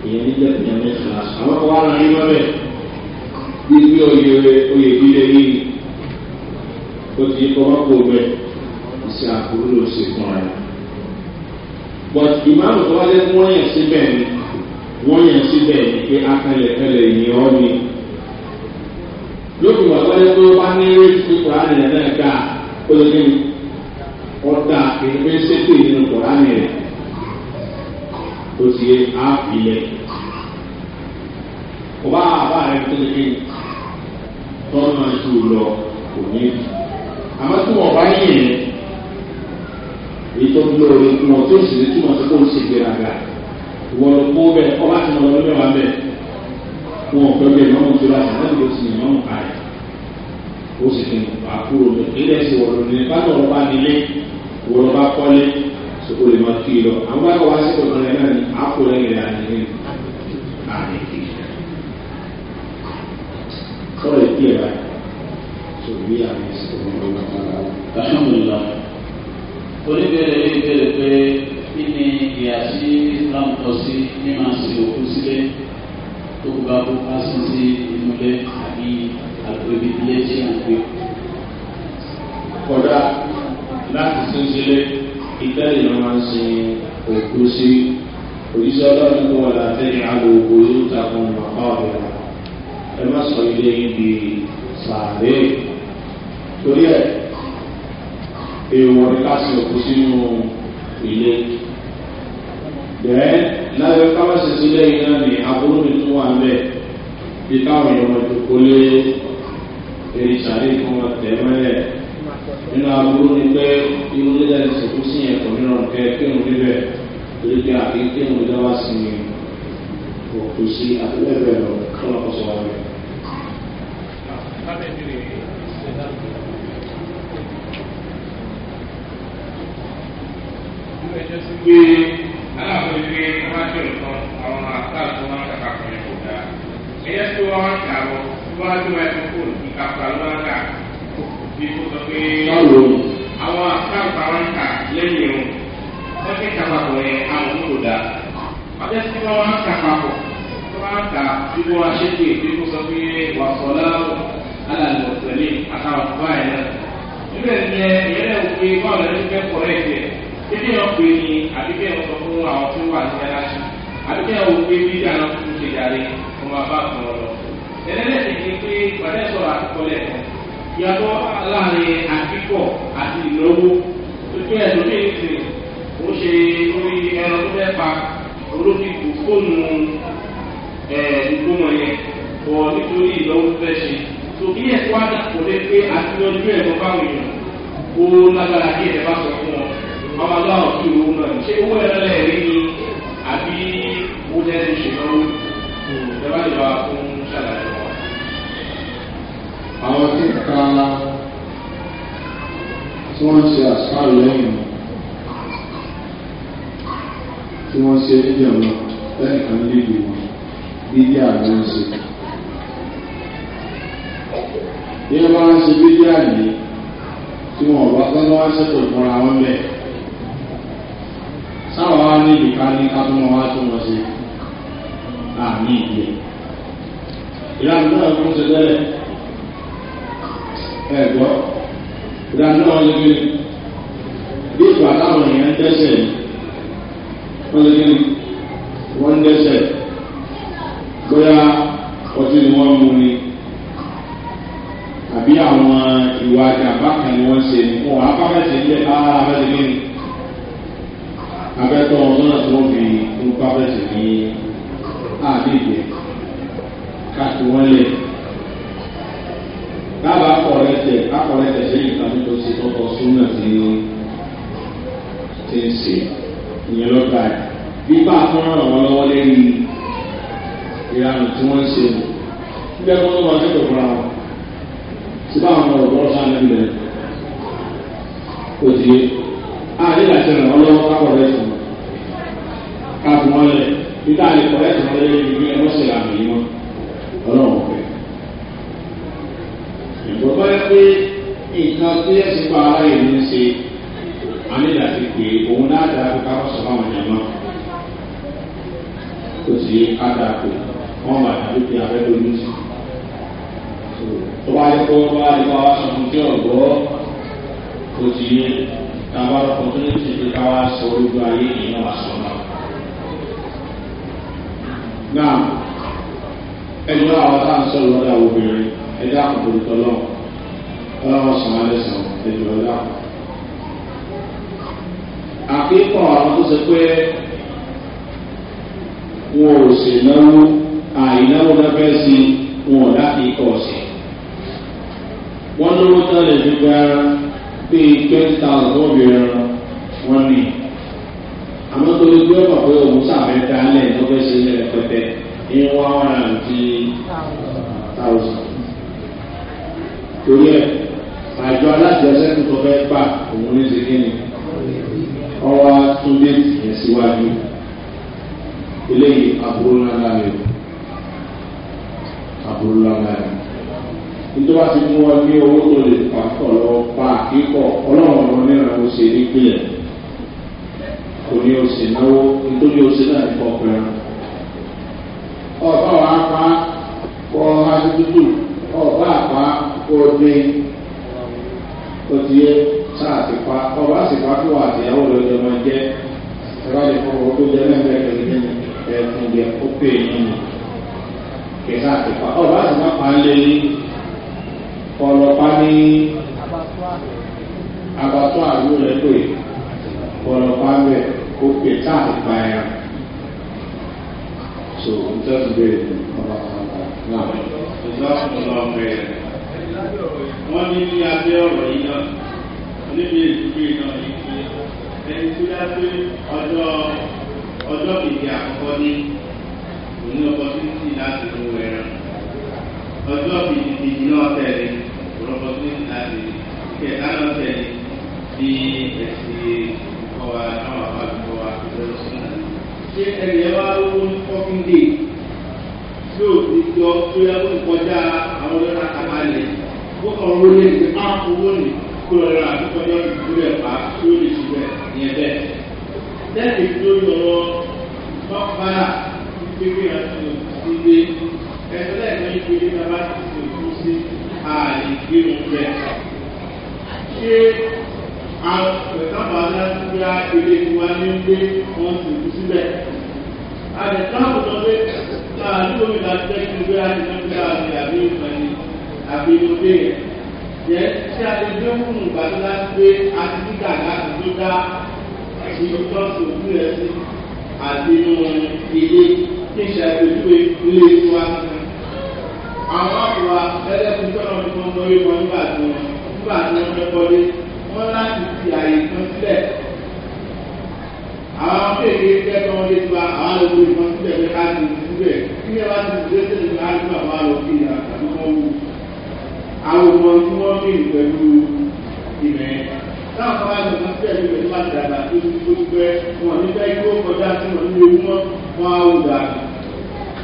ìyẹn níjẹ́ ìyẹn mẹ́sàn-án àwọn kan wá lọ rí lọ́bẹ̀ bí bí oyè oyè bí lè rí o ti kọ́ mọ́kò bẹ́ẹ̀ iṣẹ́ aburú ló ṣe fún ẹ. but ìmáàmù tó wá lé wọ́n yẹn síbẹ̀ ni wọ́n yẹn síbẹ̀ ni pé akẹlẹ̀kẹlẹ̀ ni ọ́ ni. lókè wà wọ́n lé pé wọ́n bá ní rétí pé kùránì rẹ̀ náà dáa ó lè ní ọ̀dà ìgbẹ́ sépè nínú kùránì rẹ̀ ó ti yé àfilẹ̀. ọba àbá rẹ̀ tó lè ní tọ́nà jù lọ kò ní. àmọ́ tí wọ́n bá yẹn ètò lóore fún ọ tó sì ní túmọ̀ sí kó ń ṣègbéraga ìwọ ló kó bẹ́ẹ̀ ọba tí mo lọ lọ́wọ́ bẹ́ẹ̀ wọn ò gbẹ́gbẹ́ ìmọ̀mù tó láti láti lọ sí ìmọ̀mù káyà ó sì fi àkúrò lọ ilé ẹ̀sìn wọ̀ lónìí nípa tó ọba nílé wọ lọ́ba kọ́lé sọ́kò lè máa kí lọ àwọn bá wá sí ọ̀dọ́ rẹ̀ náà ní àpò rẹ̀ rẹ̀ àyè àyè kì í sọ́ọ̀ ìpìlẹ̀ rẹ̀ sọ̀rọ̀ bí àyè sí ọ̀dọ́ rẹ̀ náà oníbèrè yìí bèrè pé kí ni ìyá sí islam tọ́ sí mímọ sí òkú sílé tó gba kó ká sí sí ìmúlẹ àbí àgbègbè ilé tí a ń gbé. kódà láti tún sílé ìtẹ́lẹ̀ ló máa ń sin òkú sí òjíṣẹ́ ọlọ́run tó wà látẹ̀yìn àgbègbè yóò takùn màmá ọ̀bẹ̀rẹ̀ ẹ má sọ ilé yìí di sàárè torí ẹ̀ èèwọ̀ ní ká sin òkú sínú ilé. Bẹ́ẹ̀ lábẹ́ káwáṣe sílẹ̀ yìí náà ni aburú mi tún wà bẹ́ẹ̀ bí káwọn èèyàn wọn ti kó lé èrè sàrí kan wọn tẹ̀ mẹ́lẹ̀. Nínú aburú ni pé irú nílẹ̀ ní sèkú sí yẹn kò ní rọrùn kẹ́ kí òun níbẹ̀ torí pé àfi kí òun dá wá sí ni òkú sí àtúbẹ̀bẹ̀ lọ kọ́ sọ wá bẹ́ẹ̀. ẹjọ́ sí pé aláàbò ìwé ọmọdé ọ̀tọ̀ àwọn àtàlù tó máa ń kàkà pẹ̀lú kò dáa ẹyẹ tó wá ń kà lọ tó bá dé wáyé kókó ìkàkà ló ń kà bí kò sọ pé àwọn àtàlù táwọn ń kà lẹ́yìn o wọ́n ti kà papọ̀ yẹn àwọn kò dáa ọjọ́ sí wọ́n wá ń kà papọ̀ tó wá ń kà bí wọ́n ṣe pé bí kò sọ pé wàásọ̀ láàrú alàlẹ́ ọ̀sẹ̀ lé àtàwọn fúbáyé náà níbẹ̀ ni ẹ̀yẹ́dẹ̀ wò pé báwọn tẹ́lẹ̀ yẹn pè ní àbíkẹ́ yẹn sọ fún àwọn tó wà ní ẹlẹ́sì àbíkẹ́ yẹn wò pé bí dáná tó ṣe darí ọmọ abá kan lọ. ẹlẹ́lẹ́sì ti pé pàdé sọ̀rọ̀ àkọlẹ̀ kan yàtọ̀ láàrin àkíkọ̀ àti ìnáwó tuntun ẹ̀ lórí èsì ó ṣe orí ẹran tó fẹ́ pa olókìkù fóònù ẹ̀ ìgbómọ̀ yẹn bọ̀ nítorí ìnáwó fẹ́ ṣe tòbí ẹ̀kọ́ àdàpọ̀ lé pé àti lọ́jọ́ ẹ̀kọ́ báwọn èèyàn ó lágbára kí ẹ̀ ọmọ aláwọ̀ sí owó náà ṣé owó ẹ̀rọ lẹ̀ rí ni àbí owó tẹ́lẹ̀ ṣe náwó ìjọba ìjọba fún ṣàlàyé wọn. àwọn tí ká tí wọ́n ń ṣe àṣàrò lẹ́yìn tí wọ́n ṣe nídìí ọ̀nà lẹ́nìkan nídìí wọn nídìí àwọn ṣe. bí wọ́n bá ń ṣe bídíà yìí tí wọ́n bá tán ṣètò fúnra wọn bẹ́ẹ̀ sáwọn wá ní ìdíkà ní kátólọ́ wá tó wọ́n sí àmì ìdí ẹ̀. ìlànà náà kún ṣe tẹ́lẹ̀ ẹ̀ gbọ́ ìlànà náà lè gbé bí ìgbà táwọn èèyàn dẹ́sẹ̀ yìí wọ́n lè gbé wọ́n dẹ́sẹ̀ bóyá ọtí ni wọ́n mú ni àbí àwọn ìwà àjàmbá kan ni wọ́n ṣe ni wọ́n á bá mẹ́sẹ̀ ń bẹ́ẹ̀ bá ara mẹ́sẹ̀ gbé ni abẹ́tọ́ lọ́nà tí wọ́n fi ń pápẹ́sì ní àdéhìẹ káàkiri wọ́n lẹ̀ dábàá kọ̀rẹ́tẹ̀ akọ̀rẹ́tẹ̀ sẹ́yìn kan tó ṣe tọ́tọ̀ súnà tí ti ń ṣe ìyẹn lọ́gbà ẹ̀ bí bá a tún ràn wọ́n lọ́wọ́ lẹ́yìn ìlànà tí wọ́n ń ṣe wò nígbà tí wọ́n lọ́wọ́ ṣètò fúnra wọn tí báwọn ọmọ ọ̀dọ́ sáà nílẹ̀ òdìyẹ àdéhìẹ àti ràn wọ́n lọ́wọ́ kápọ̀rẹ́tẹ̀ nígbà lè kọ́ ẹ̀sìn wọn lẹ́yìn ìwé ẹ̀ lọ́sẹ̀ làmì yìí wọn ọlọ́run fẹ́. ìgbọ́dọ̀ yẹ pé nǹkan tí ẹ̀sìn pa ara yìí ń ṣe anídàtí pé òun náà dára pé ká sọ fáwọn èèyàn mọ́ kò sí ká dáa pé wọ́n máa dàbí pé abẹ́ ló ní sí. tó bá yẹ bá yẹ wá sọ fún tí ọ̀gbọ́ kò sí yẹ ká bá lọ́kọ̀ọ́ tó ní sọ ojú ayé ìyẹn wà sọ náà náà ẹni náà àwọn tá à ń sọ̀rọ̀ lọ́dọ̀ àwọn obìnrin ẹjẹ́ àkókò ìtọ́lọ́ ọlọ́wọ́ sàn án lẹ́sàn ẹjọ́ ọ̀dà. àkíkọ̀ àwọn tó ṣe pé wọn ò sì náwó àìnáwó lẹ́fẹ́ sí wọn ò dákì ikọ̀ ọ̀sẹ̀. wọ́n lówó tán lè fi gba bíi twenty thousand obìnrin wọn ní àmọ́ torí pé ọmọ pé òun sàfẹ́ dálẹ̀ ló fẹ́ ṣe ilẹ̀ pẹpẹ ní one hundred and three thousand. torí ẹ àjọ alájọsẹ́ tuntun fẹ́ gbà òun ní sèkéyìn ọwọ́ túndé yẹn síwájú eléyìí aburú ńláńlá rẹ aburú ńláńlá rẹ nítorí wá ti mú ọ ní owó tó lè pa ọ̀lọ́ pa kíkọ̀ ọlọ́run ọ̀rọ̀ nínú àwọn ṣe nípìnlẹ̀ kò ní oṣù náwó nítorí oṣù náà ní kọkùnrin. ọba wa pa kọ adúdúdú ọba àpá kọ dé òtí sáà ti pa ọba sì pa kó àtìyàwó lọ́jọ́ máa jẹ́ ẹ̀rọ ìfowópamọ́ tó jẹ́ lẹ́gbẹ̀ẹ́ kẹ́lẹ́ ẹ̀fún jẹ́ ó pè é nínú kẹta àtìpá ọba àti pápá lé ọlọpàá ní abatọ àlù rẹ pé ọlọpàá bẹ́ẹ̀ ó pè tá àgbà ẹ̀ so n tẹ́ ń bèrè ní ọba náà ìjọ fún ọba bẹ̀rẹ̀ wọ́n ní ní abẹ́ ọ̀rọ̀ yìí náà níbi ìdílé náà yìí pé ẹni tó dá pé ọjọ́ ọjọ́ kìkì àkọ́kọ́ ní òní ọpọtúnìtì láti mú ẹran ọjọ́ kìkì kìkì náà tẹ̀lé òní ọpọtúnìtì láti kẹta náà tẹ̀lé bí ẹ̀sìn ọ̀wà náà wà bá ṣé ẹnì ẹ wá ló ń fọ́kín dé yóò ti jọ tó yá ló ń kọjá àwọn ọ̀rẹ́ náà kàmá lẹ̀ ó kàn ń wọlé ní áàpù lónìí ah, kó lọ rà àbúkọ ní ọ̀dùn ìdúró ẹ̀fà tí ó lè ṣe bẹ́ẹ̀ ní ẹ̀bẹ̀. lẹ́yìn tí ó yọrọ lọ́kọ́yà pípé àti ìdílé ẹ̀fọ́ lẹ́yìn ní ìdílé náà bá ti ṣe sí ààyè ṣé àtẹ̀sáfà aláṣíwá ilé wa ní pé wọ́n sì kú síbẹ̀. àtẹ̀sáfà sọ pé náà nígbà mi láti fẹ́ kí n gbé àtẹ̀sáfà àti àbí ìfẹ̀yìn àbí inú dé yẹn. yẹ ṣé a lè gbé fún ìgbà tó láti gbé àtìkà láti tó dá ìlú tó sì kú rẹ̀ sí àti inú ilé kí n ṣàpèjúwe ilé wa. àwọn àgbà ẹlẹ́kùn tọ́lọ́ ní kọ́ńtọ́ yìí wọ́n nígbà tí wọ́n nígbà tí wọ́n fẹ́ kọ́lé wọ́n láti fi àyè kan sílẹ̀. Àwọn akéèké jẹ́ kí wọ́n lè gba àwọn àlòkù ìbọn sílẹ̀ pé ká ti síbẹ̀. Kí ẹ bá ti dúró sílẹ̀ pé ká ti bá àwọn àlòkù ìyá àti wọ́n wù. Àwọn ọmọ tí wọ́n bí pẹ̀lú ìmẹ̀. Táwọn kan bá ti sọ sílẹ̀ pé pẹ̀lú àdàgbà tó ti tó pẹ́, wọn ní fẹ́ kí ó kọjá sí wọn ní ewu mọ́, wọn á wù dà.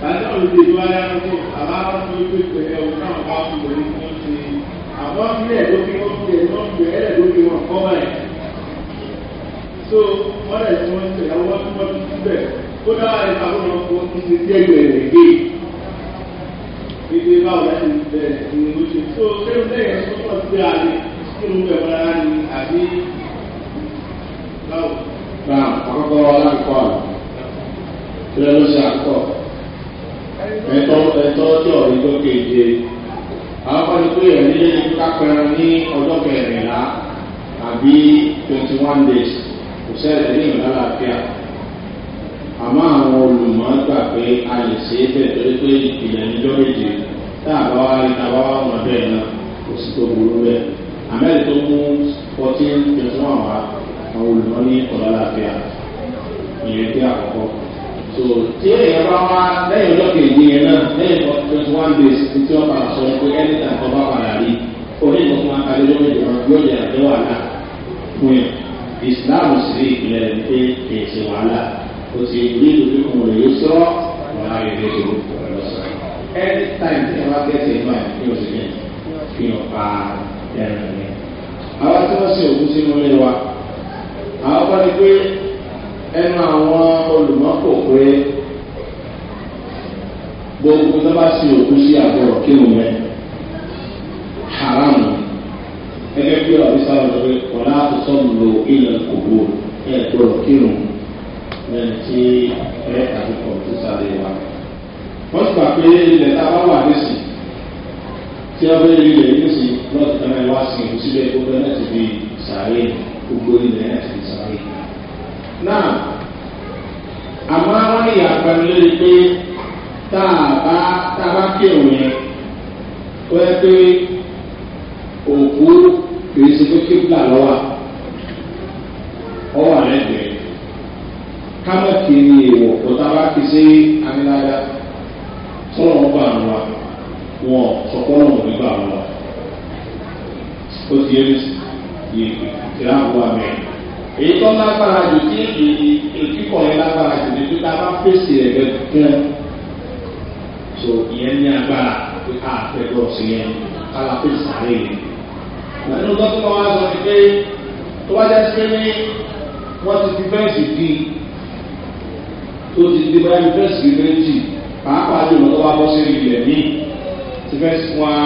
Bàtà òdìdí wáyà kó àbá wọn tó gbé pẹ̀lú ẹ̀ àmọ́ ilé lókè wọ́n fi ẹ̀ wọ́n fi ẹ̀ lókè wọn kọ́ báyìí. so wọ́n rẹ̀ tí wọ́n ń tẹ̀lé wọ́n tí wọ́n ti síbẹ̀ ó dára ẹ̀ka ó lọ fún ti ṣe díẹ̀ gbẹ̀rẹ̀ gbé. gbèdé báwo láti bẹ̀rẹ̀ ìwé ló ṣe. so kéwù lẹ́yìn tó pọ̀ sí àlè kí ló ń bẹ̀ wọ́n rárá ni àbí báwo. na àkọ́kọ́ aláǹkọ́ àná kílẹ̀ ló ṣe àkọ́ ẹ̀tọ́ ẹ̀tọ́ ọjọ́ ìgbókèje àwọn kan ní pé ẹ̀rí kápẹ́rẹ́ ní ọjọ́ kẹrìnlá àbí twenty one days kò sẹ́rẹ̀ ní ìlàlàáfíà àmọ́ àwọn olùmọ̀ gbà pé a lè ṣe é bẹ̀ torí pé ìpìlẹ̀ níjọ́ méje tá a bá wá rí ta bá wá mọ̀ bẹ́ẹ̀ náà kò sí tó burú bẹ́ẹ̀ àmẹ́rì tó mú fourteen twenty one wá àwọn olùmọ̀ ní ọ̀làlàáfíà ìrètí àkọ́kọ́. So, tí èèyàn bá wá lẹ́yìn ọjọ́ kejì yẹn náà lẹ́yìn twenty one days ní tí wọ́n padà sọ pé ẹni tàn kọ́ bá padà rí orí ìmọ̀ fún akalẹ̀ yóò jẹ́ yóò jẹ́ àjọ wàhálà fún yẹn ìsìláàmù sì rí ìpìlẹ̀ rẹ̀ pé kìí ṣe wàhálà o ti rí ìlú fún ọmọ rẹ̀ yóò sọ wàhálà rẹ̀ lè tó lọ́sọ̀ ẹni táyì tí wọ́n bá kẹ́sẹ̀ ìgbà fi hàn sí yẹn fi hàn pa ẹran yẹn. àwọn tí wọ́n ṣe òkú sínú ilé wa àwọn bá ní pé ẹnu àwọn olùmọ́kò pé gbogbo tó bá sin òkú sí àbúrò kí ló mẹ haram gẹ́gẹ́ bí ọ̀rọ̀ sábà lọ pé kọ̀lá àtúntò lo ilẹ̀ kòkó ẹ̀ gbọ́dọ̀ kírun ẹ̀ tí ẹ̀ tàbí kọ̀ tó sáré wa. wọ́n ti gbà pé ilẹ̀ tá a bá wà nísì tí a bẹ́ ilẹ̀ nísì lọ́ọ̀tì kan náà wá sí ìlú síbẹ̀ gbogbo ẹ̀ náà ti fi sàárè gbogbo ilẹ̀ náà ti fi náà àmọ́ wọ́n ní ìyàpá lórí pé tá a bá tá a bá kírun yẹn tó yẹ pé òkú kìí ṣe pé kíkúlà lọ́wọ́ ọwọ́ rẹ̀ bẹ̀rẹ̀ kámọ́ kiri èèwọ̀ tó tá a bá fi sí amíláyà sọ̀rọ̀ wọn gbà wọn wọn sọ̀kọ́ náà gbà wọn ó ti yẹ kí ìyá àwọn àmì èyí tó lágbára jù tí ìkíkọ̀ yẹn lágbára jù ní pípa bá fèsì ẹ̀rẹ́ kan so ìyẹn ní agbára pé a fẹ́ lọ sí yẹn kára fèsì àárẹ̀ yẹn. lẹ́nu dókítà wa sọ pé tó bá jẹ́ pé ní wọ́n ti fi fẹ́ǹsì di tó ti di bá yẹn fẹ́ǹsì méjì pàápàá jù lọ́wọ́ bá bọ́ sí ilẹ̀ míì ti fẹ́ǹsì wọn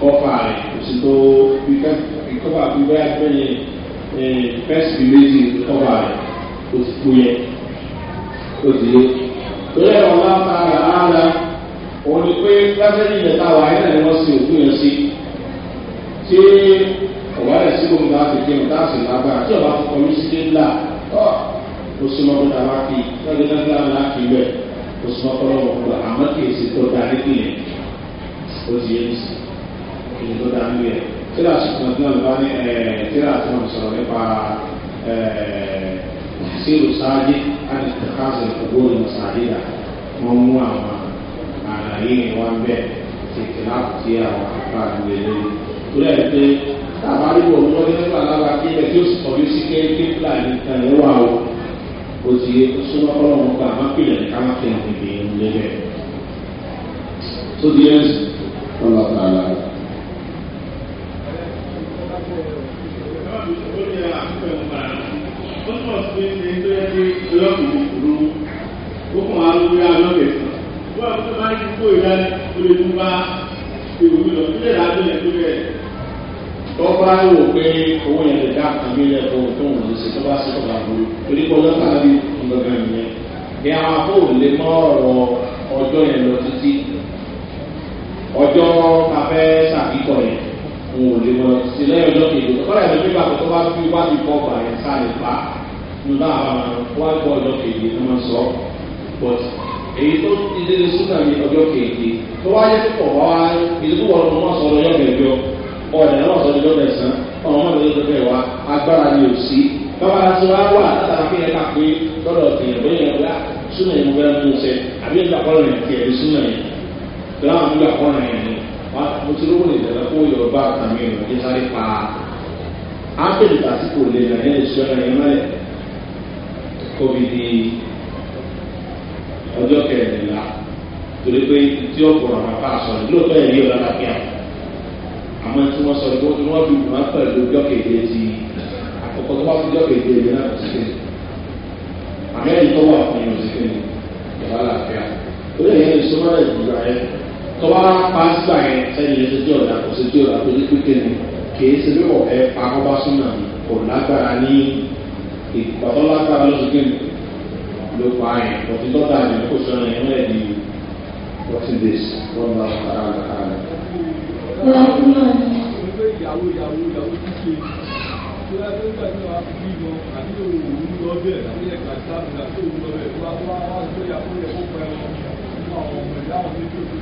kọ́ fà rẹ̀ kò sí tó fi kọ́ fi bẹ́ẹ̀ fẹ́ yẹn fẹ́sì méjì kọ́ba òsìkú yẹn ó ti yé. Ìyá ẹ̀rọ máa ta ara ara òun ni pé lásìkò ilẹ̀ tá a wà ayé náà si òkú yẹn sí. Tí ọ̀wá rẹ̀ sí òun láti kí ọ̀tá sì lágbára tí ọ̀bá fọkọ mi sí ńlá ó súnmọ́ kó dáa kí lọ́dún náà dáa náà kí bẹ́ẹ̀ ó súnmọ́ kó lọ́wọ́ kó àmọ́ kí èsì tó dáa nípìnlẹ̀ ó ti yé ní sí tó dáa nípìnlẹ̀ tíra ṣùgbọ́n náà bá ní tíra tí wọ́n sọ̀rọ̀ nípa sílù sáájì àti kàkásì ògbóni sàdíyà wọ́n mú àwọn àlàyé wa ń bẹ̀ tètè láti tí àwọn àpá àgbè lórí. torí ẹ̀ pé tábà níbo ọmọ ní nípa alága kí ẹ tí ó sì kọjú sí kéèké fúlàní kan ẹ o kò sí súnmọ́ kọ́lọ́mù pa àmọ́ pìlẹ̀ ní káwọn kẹ́hìn ìgbìyànjú lébẹ̀. tó di ẹ̀ ń sìn. wọ́n lọ sí àlàyé bá rò pé owó yẹn lè dá àmìlẹ̀ ohun tó wù ní ṣètò bá ṣètò bá burú torí pé ọlọ́pàá bí ọgbọ̀ngàn nìyẹn ní àwọn akó lè mọ ọ̀rọ̀ ọjọ́ yẹn lọ títí ọjọ́ afẹ́ ṣàkíkọ̀ yẹn n ò lè mọ sí lẹ́yìn ọjọ́ kejì tó kọ́lá ìlú pípa tó bá fi wá ti bọ́ bàrẹ̀ sá lè pa ní bá àwọn wá gbọ́ ọjọ́ kejì tó máa sọ but èyí tó ti dédé súnà ní ọjọ́ kejì tó wá yẹ púpọ̀ wá èyí tó wọ́n mọ̀ sọ ọjọ́ kẹjọ ọ̀rẹ́ náà sọ ọjọ́ kẹsàn ọ̀rọ̀ mọ̀ lọ́jọ́ kẹfẹ́ wa agbára ni ò sí bàbá aṣọ wa wà látara ẹ̀ka pé lọ́dọ̀ tìyẹ̀ mo ti lówó nìyẹn lọ fún yorùbá àtàmì ìrìn ní sáré pa ápèlì àti kò lè nà yẹn ìṣọ́ ẹ̀rọ yẹn mẹ́lẹ̀ kóbi di ọjọ́ kẹrìnlá torí pé tí ọ̀pọ̀ àwọn apá àṣọ rẹ̀ lóòótọ́ yẹn yóò lálàáfíà àmọ́ tí wọ́n sọ pé wọ́n fi wọ́n á pẹ̀lú ọjọ́ kéde ti àkọ́kọ́ tó bá fi ọjọ́ kéde yẹn náà ti kéde àmẹ́rin tó wà fún yẹn ò ti kéde ìbálàáfíà torí ẹ̀yẹn ìṣọ́ mẹ́lẹ̀ ìgbà yẹn tọ́wá pàṣípà yẹn ẹni yẹn ṣojú ọ̀dà kò ṣojú ọ̀dà tó ní pípé ni kìí ṣe bí ọ̀fẹ́ pa ọba súnmọ̀ kò lágbára ní ìpàtọ́ lágbára lọ́sọ̀gbé ló pa yẹn òfin tọ́ta yẹn kò sọ yẹn lẹ́ẹ̀ di forty days one thousand and a half. Thank you.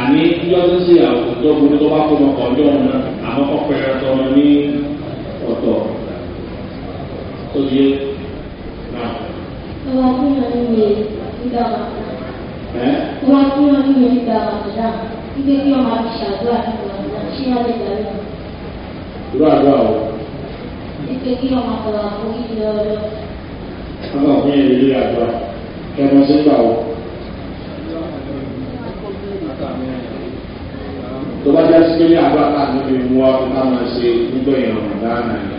àní yọ́sí sí àwùjọ gbogbo tó bá kó mọ ọjọ́ náà àmọ́ ọ̀pẹ ẹ̀rọ ní ọ̀tọ̀ tó yé náà. ọba tí wọn ń yẹ ìgbà wà náà. ọba tí wọn ń yẹ ìgbà wà náà nígbà tí wọn máa ṣàdúrà nígbà ṣé wọn lè darí ìlú àdúrà o. nígbà tí wọn máa tọrọ àforíjì ọlọ́run fún yẹn lórí àdúrà kẹmọ sí gbà ó. tó bá jẹ́ sí pé àdúrà káàdì fi mú wa kó ká máa ṣe nígbà yẹn ọ̀nà dáná yẹn.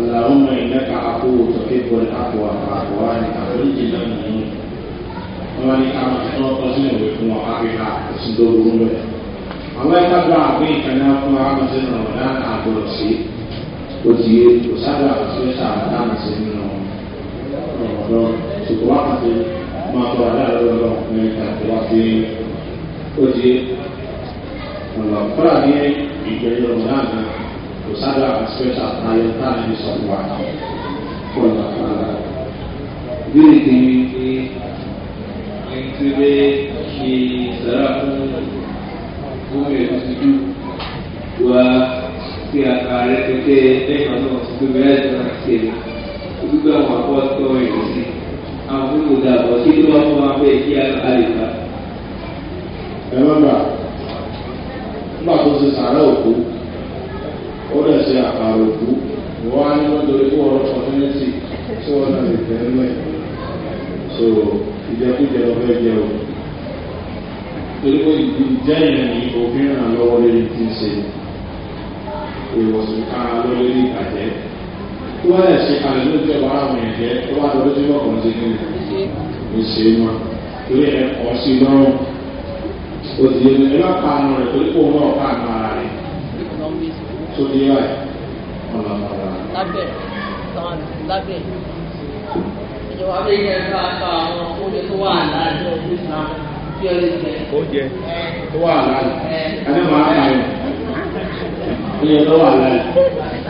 اللهم إنك عفو تحب العفو فاعف عني أخرج من الذنوب wọ́n ní káwọn ẹ̀rọ ọ̀sìn ìwé fún wọn áfíríkà sí lóru rẹ̀. àwọn ẹ̀ka gba àgbé ọ̀dọ́ ṣètò wákàtí máa tọ́ aláàlọ́ lọ ní àtẹ̀wá sí ojú ọ̀nà kọ́lá ní ìgbẹ́jọ́ náà kò sábà àṣẹ́ṣà ayọ̀ táà ní sọ̀rọ̀ wa kọ́lá kọ́lá. Bíi ti ní ti ní ti wa kí a kà rẹ̀ pété lẹ́yìn ọdún ọ̀sìn tó gbogbo àwọn àbọ̀ tó rìn sí àwọn gbogbo dàbọ̀ kí ló wà fún wa pé kí a lè bá. ẹ má bà nígbà tó ṣe sàárẹ̀ òkú ó lè ṣe àkàrà òkú wọ́n á ní wọ́n dorí kó ọ̀rọ̀ kọ́mẹ́ntì tí wọ́n náà lè tẹ̀ ẹ́ so ìjẹkújẹ ọbẹ̀ jẹ o torí pé ìjẹ́ yẹn ni òfin ràn lọ́wọ́ lórí ti ń ṣe ìwọ̀sùn ká lórí ìbàjẹ́ tó wá lẹ̀ ṣe kalẹ̀ ló jẹ́ wàhálà àwọn ẹ̀jẹ̀ tó wá lọ kàn ṣe kí ni ṣe é mọ́ torí ẹ̀ kọ́ sí lọ́rùn òtí ẹni ẹ bá pa àánú rẹ̀ torí kò náà pa àánú ara rẹ̀ tó dé báyìí ọ̀nà ọ̀nà. lábẹ́ lábẹ́ ìjọba bí ilé ẹ̀ka pa àwọn oúnjẹ tó wà láàájọ ìgbésà bí ọ̀rẹ́ jẹ. oúnjẹ tó wà láàájọ ẹni máa ń pa ẹ̀ oúnjẹ tó wà láàájọ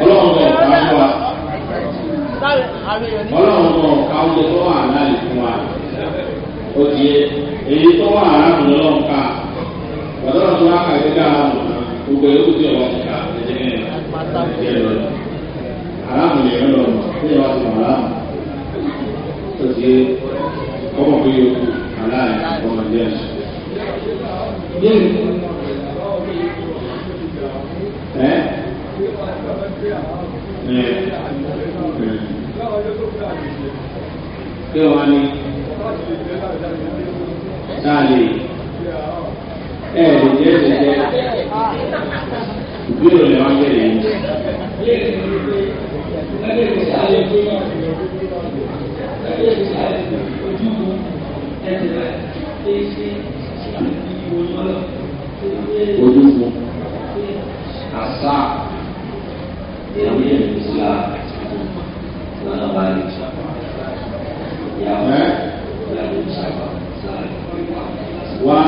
ọlọ́run bẹ̀rẹ̀ pàápàá ọlọ́run kọ̀ ká oúnjẹ tó wà láàyè fún wa ó ti yẹ èyí tó wà láàrùn lọ́run ká ọ̀dọ́rọ̀ tó wà kàgbé dáhùn gbogbo ẹ̀ ó ti ọ̀wọ́ ti ká ẹ̀jẹ̀ mẹ́rin aláàmù lè rẹ̀ lọ́rùn tó yẹ wá sí wọn aláàmù ó ti yẹ ọmọ pé yòókù aláàyè ọmọ ìjẹ́ pé wọn ni náà lè ẹ lè jẹ jẹjẹ ìbílẹ̀ rẹ̀ wọ́n yẹ̀ lẹ́yìn. Ojúfo àṣà ìyàwó yẹn ní wá.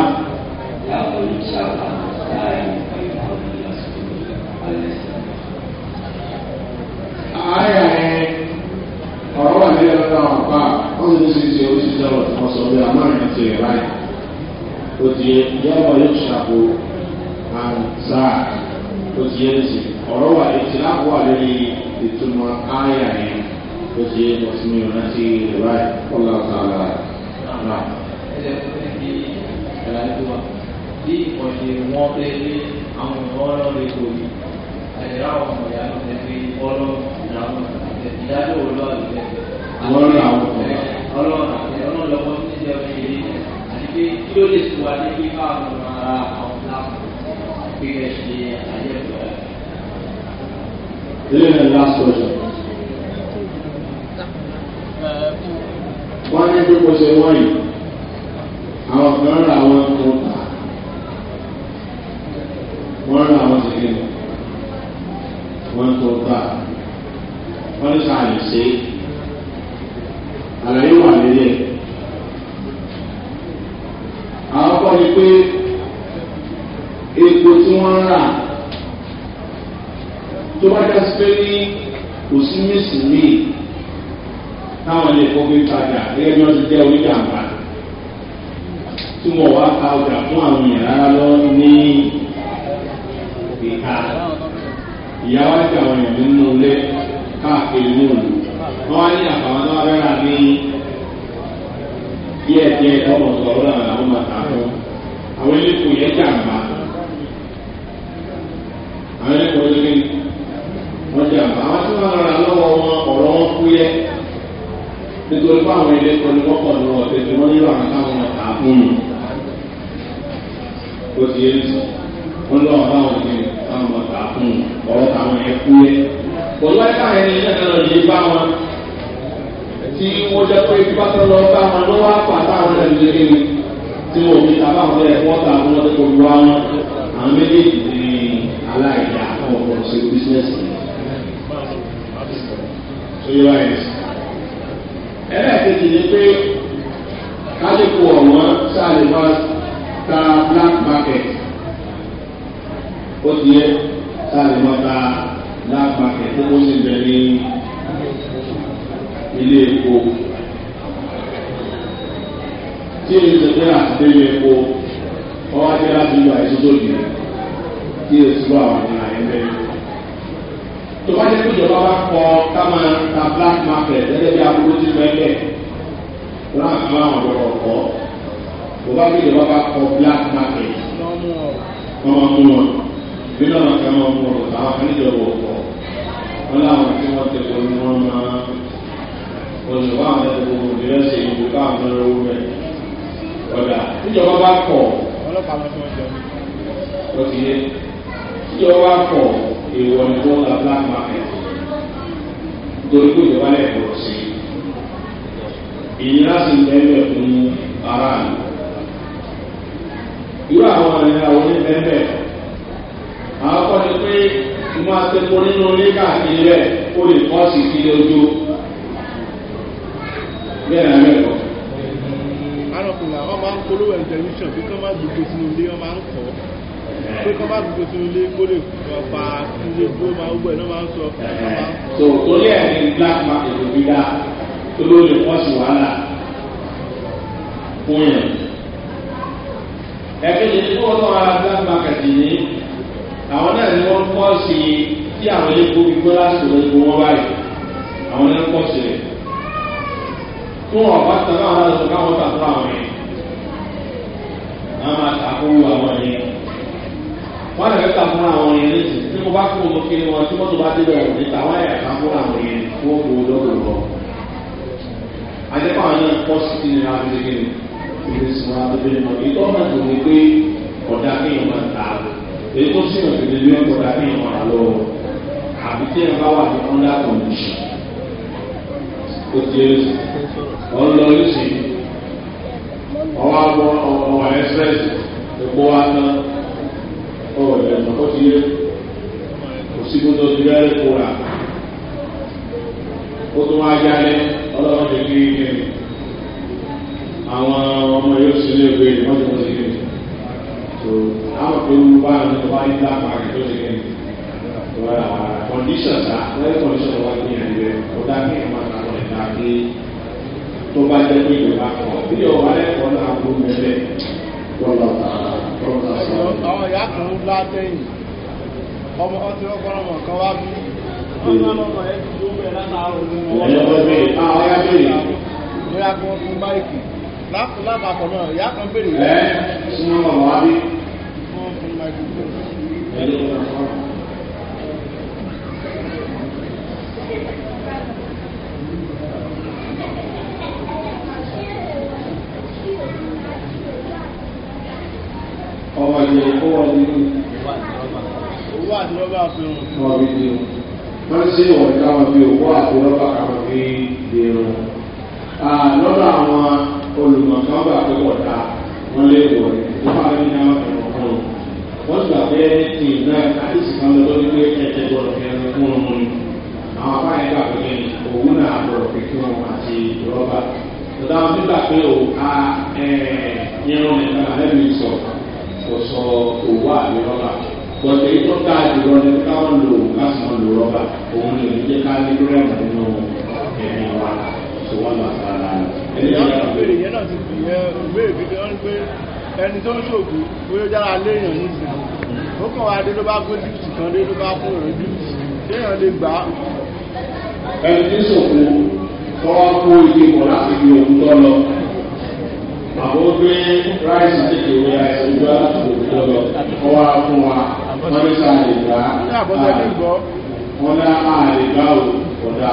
àyà ẹ ọ̀rọ̀ wà ní ẹ̀rọ àwọn àpá wọ́n ti ṣe ṣe oríṣiríṣi ọ̀rọ̀ tí wọ́n sọ pé amárin ti rà yìí ó ti yọ̀wọ̀ yóò ṣàbò àrùn sáà ó ti yẹ́ ní sí ọ̀rọ̀ wà ètí láàbò wà lórí ìtumọ̀ àyà yẹn ó ṣe é lọ sínú ìrántí rẹ̀ báyìí kọ́lá ọ̀tàlá náà. ẹ jẹ́ kó ní kí ìṣẹ̀lẹ̀ tó wà bí ìkànnì wọn fẹ́ lé àwọn ọ̀rọ̀ rẹ̀ kò ní àyẹ̀rọ àwọn ọmọ ìyá ló fẹ́ fi ọlọ́ ìdáhùn ìdájọ́ wo lọ́wọ́ àlùfẹ́. ọlọ́run àwọn ọmọ ọlọ́run àti ọlọ́run lọ́wọ́ ní ìṣẹ́ òṣèré àti pé kí ló lè sùn wá ní pé káàmù ara àwọn láàmú pé ẹ ṣe àyẹ̀wò rẹ̀. ilé ìrìn last question wọ́n ní bí kò ṣe wọ́n yìí àwọn kan ra àwọn tó ta wọ́n ra àwọn tó kéde wọ́n tó ta wọ́n ní sáà lè ṣe àlàyé wà lórí ẹ̀ àwọn kọ́ ni pé epo tí wọ́n rà tó bá dá sí pé ní kò sí mẹ́sìn míì táwọn lè kó fi tajà gẹ́gẹ́ bí wọ́n ti jẹ́ oníjàmbá tí mo wá ka ọjà fún àwọn èèyàn rárá lọ ní ìka ìyá wa ti àwọn èèyàn nínú ilé káàkiri ní òòlù wọ́n á ní àfàwọn tó wá fẹ́ rà ní díẹ̀ díẹ̀ lọ́wọ́ sọ̀rọ̀ náà làwọn máa ta fún àwọn eléko yẹn jàmbá àwọn eléko yẹn jàmbá àwọn tí wọ́n rà lọ́wọ́ wọn ọ̀rọ̀ wọn kú yẹn nítorí pé àwọn ilé kan ní wọ́n pọ̀ ní ọ̀tẹ̀ tí wọ́n nílò àwọn táwọn ọ̀tà fún mi. ó ti yé sọ wọ́n lọ́wọ́ táwọn ìdílé táwọn ọ̀tà fún mi ọ̀rọ̀ táwọn ẹ̀ kú yẹ. pẹ̀lú ẹ̀ka ẹni náà lọ yé bá wọn tí wọ́n jẹ́ pé bí pásítọ̀ lọ bá wọn ló wá pa táwọn náà lé kí ni tí wọ́n fi ta báwọn lẹ̀ wọ́n ta àwọn ọ̀tẹ̀ tó lu àwọn àwọn méjèèjì ní aláìyá àwọn ọ̀pọ̀ ṣe bísíǹsì ẹlẹ́ẹ̀kejì ni pé kálíkù ọ̀wọ́n sáàlì bá ta black market ó ti yẹ sáàlì bá ta black market tó kó sì bẹ̀ ní ilé epo tí èyí ti pé àti délé epo ọwọ́ ajé láti lu àìsí tí èyí ti bá àwọn ọ̀nà àyẹ̀bẹ̀rẹ̀ tó bá jẹ́ pé ìjọba bá kọ ká máa black market gẹ́gẹ́ bí aburú ti fẹ́ bẹ́ẹ̀ wọ́n á fi máa wọ̀ ọ̀kọ́ tó bá jẹ́ ìjọba bá kọ black market wọ́n máa mú wọn nínú àwọn kan máa mú wọn àwọn kan níjọba ọ̀kọ́ wọ́n láwọn tí wọ́n ti wọ́n wọ́n máa olùwà àwọn ẹ̀dùn ìrẹsì ìdùkọ́ àwọn ẹ̀rọ rẹ̀ ọ̀dà níjọba bá kọ̀ ọlọ́pàá lọ́sọ̀ọ́jọ́ ni ó ti yé níjọba bá kọ̀ ìwọ ni wọ́n ta black market nítorí pé ìjọba lè bọ̀ sí i ìyẹn láti bẹ́ẹ̀ fún aráàlú irú àwọn ọ̀rẹ́ àwọn oníbẹ̀ẹ́bẹ̀ àwọn kọ́ ni pé mo máa tẹpo nínú ilé káàkiri rẹ̀ ó lè kọ́ sí ilé ojú bẹ́ẹ̀ náà mẹ́kọ̀ọ́. arọkùnrin àwọn máa ń polówó ẹ̀jẹ̀ ní sàn bí kán máa gbogbo sínú ilé wọn máa ń kọ́ pé kọ́ bá gbogbo sínú ilé kó lè fa ilé tó máa gbọ́ ẹ̀ náà máa ń sọ. so torí ẹ̀ ní black market ló fi dá tó ló lè pọ̀ sí wàhálà fún yẹn. ẹ̀fẹ́ yìí tó wọ́n náà ra black market ní àwọn náà ni wọ́n pọ̀ tí àwọn eléko gbígbó lásìkò eléko wọn báyìí àwọn náà pọ̀ rẹ̀. fún ọ̀pá tán náà wọ́n á lọ sọ káwọn tàkùrọ̀ àwọn yẹn. wọ́n máa tàkùrọ̀ àwọn yẹn wọn lè ta fún àwọn yẹn ní ìsìn tí mo bá kó mo kiri wọn tí mọ́tò bá débẹ̀ wọ̀ níta wọn yẹ ká fún àwọn yẹn fún owó lọ́dọ̀ lọ. àdébà náà pọ̀ sí kí ni láti ṣe kíni ìdí sùn láti fi mọ̀ èyí tó náà tó ní pé ọ̀dà kéèyàn máa ta èyí tó sì rìn ní ilé ọ̀dà kéèyàn máa lọ àbí tí ẹ bá wà ní under condition ó ti ọ̀ lọ lóṣìí ọwọ́ àbọ̀ ọ̀wọ̀ express epo wa náà ọ̀rọ̀ ẹ̀sán kó ti yé kò sí kó tó ti bẹ́ẹ̀ kó rà kó tó wá yálé ọlọ́run ti kí ní àwọn ọmọ yóò sí ilé ìwé ìwọ́n ti wọ́n ti kí ní tó àwọn tó ń bá àwọn tó bá yí lápá rẹ̀ tó ah, ti kí ní tó wà kọ̀ndíṣọ̀n sá lẹ́yìn kọ̀ndíṣọ̀n tó wá ní ẹ̀yẹ kó dá kí ẹ̀ma ta lọ tó bá jẹ́ pé ìjọba kọ̀ bí ọ̀wá lẹ́kọ̀ọ́ náà kó mẹ́lẹ̀ lọ́lọ́ta àwọn ìyá kan ń lá tẹ́yìn ọmọ ọtí ọgbọ́nọmọ kan wá bí ọmọ ọmọ ẹ ti tó bẹ̀ látàárọ̀ ní wọn bóyá kí wọ́n fún báìkì lápapọ̀ náà ìyá kan béèrè ẹ̀ fún ọmọ wá bí wọ́n fún báìkì ni ó wà nínú. owó àti rọ́bà fi hàn. wọ́n fi di wọ́n ṣe ìwọ̀n káwọn fi owó àti rọ́bà káwọn fi di irun. lọ́dọ̀ àwọn olùmọ̀kan gbà pé wọ́n dá wọ́n lé wọ̀ ní ìfúnpá ní àwọn ẹ̀rọ kan. wọ́n gbà pé ti náà àti ìsìnkàn lọ́dọ̀ ní pé ẹ̀jẹ̀ gbọ́dọ̀ fi ẹran fún ọmọ ni. àwọn afáyín gbà pé òun náà gbọ́dọ̀ fi kí wọn àti rọ́bà. lọ́dọ̀ àwọn nígbà pé òun ká ẹ̀ẹ́n irun nìkan kò sọ òwò àbí rọ́bà pọ̀jù yìí tó ká jùlọ ní káwọn lò kásán lò rọ́bà òun lè ní jẹ́ ká ní gírẹ́mù nínú ẹ̀mí wa tó wọ́n lọ sí ara rẹ̀. ìyẹn náà ti fi ìyẹn ìwé ìbíbi wọn pé ẹni tó ń ṣògùn bóyá jára léèyàn nísìnyí ó kàn wá dé ló bá gbé dípùtì kan dé ló bá kún ìrìn dípùtì léèyàn lè gbà á. ẹni tí sòkun tọ́wọ́ kó iye láti fi òun tọ́ lọ àbò gbé ráìsì tètè wé àìsàn ìjọ àtòkòlò kọ́ wa fún wa wọ́n ní sáà lè gbà á wọ́n ní àà lè gbà ó kọ̀dà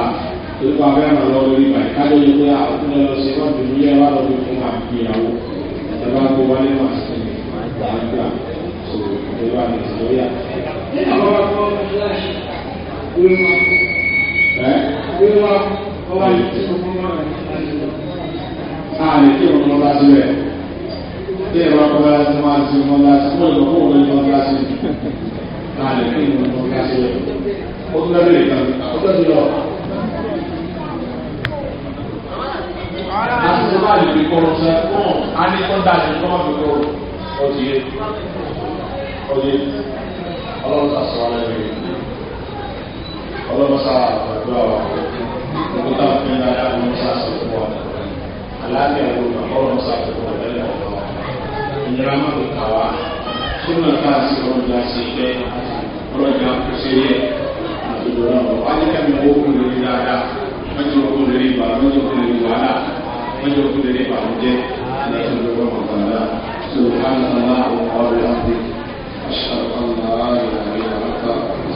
torí pa abẹ́rẹ́ náà lọ́wọ́ lórí báyìí kájọ́ yìí pé àwọn ọ̀dọ́ lọ sí wọ́n dùn yẹ wá lọ́wọ́ fún wa ìgbéyàwó ìjọba gbé wa ní wàá sí ìgbà tó ìjọba ní ìjọba. nínú àwọn ọkọ fúláṣì wíwá wíwá ọwọ́ àti ìṣòfò mọ́ra àlè kí wọn lọ láti rẹ̀ kí ẹ máa kọ́lá láti máa ti wọn láti wọ́n lọ kó wọn lọ láti àlè kí wọn lọ láti rẹ̀ ó tún lọ́dún ìkan ó tún lọ́dún lọ. láti tó bá lè fi kọ́rọ̀ sẹ́ fún anìkọ́dá ní kọ́mọ́ fi kọ́ ọ̀dì ọ̀dì ọlọ́run sàṣọ alẹ́ rẹ̀ ọlọ́run sàṣọ àgbàdo àwọn ọ̀dọ́ ọ̀dọ́ táwọn fi ń darí àwọn ọmọ sàṣọ fún wa aláàbẹ̀ àgbà ọ̀rọ̀ sàkóso ọ̀lẹ́lẹ̀ ọ̀rọ̀ ìnira má lè kà wá sínú ẹ̀ka àti ọ̀rọ̀jà sí ìfẹ́ ọ̀rọ̀jà kò sí rí ẹ̀ àdúgbò náà lọ. wá ní kẹ́mi owó kún lórí dáadáa mẹ́jọ kún lórí ìgbà mẹ́jọ kún lórí wàhálà mẹ́jọ kún lórí ìbànújẹ́ lẹ́yìn ló rọ̀ ọ̀gbọ̀nà sọ̀rọ̀ ká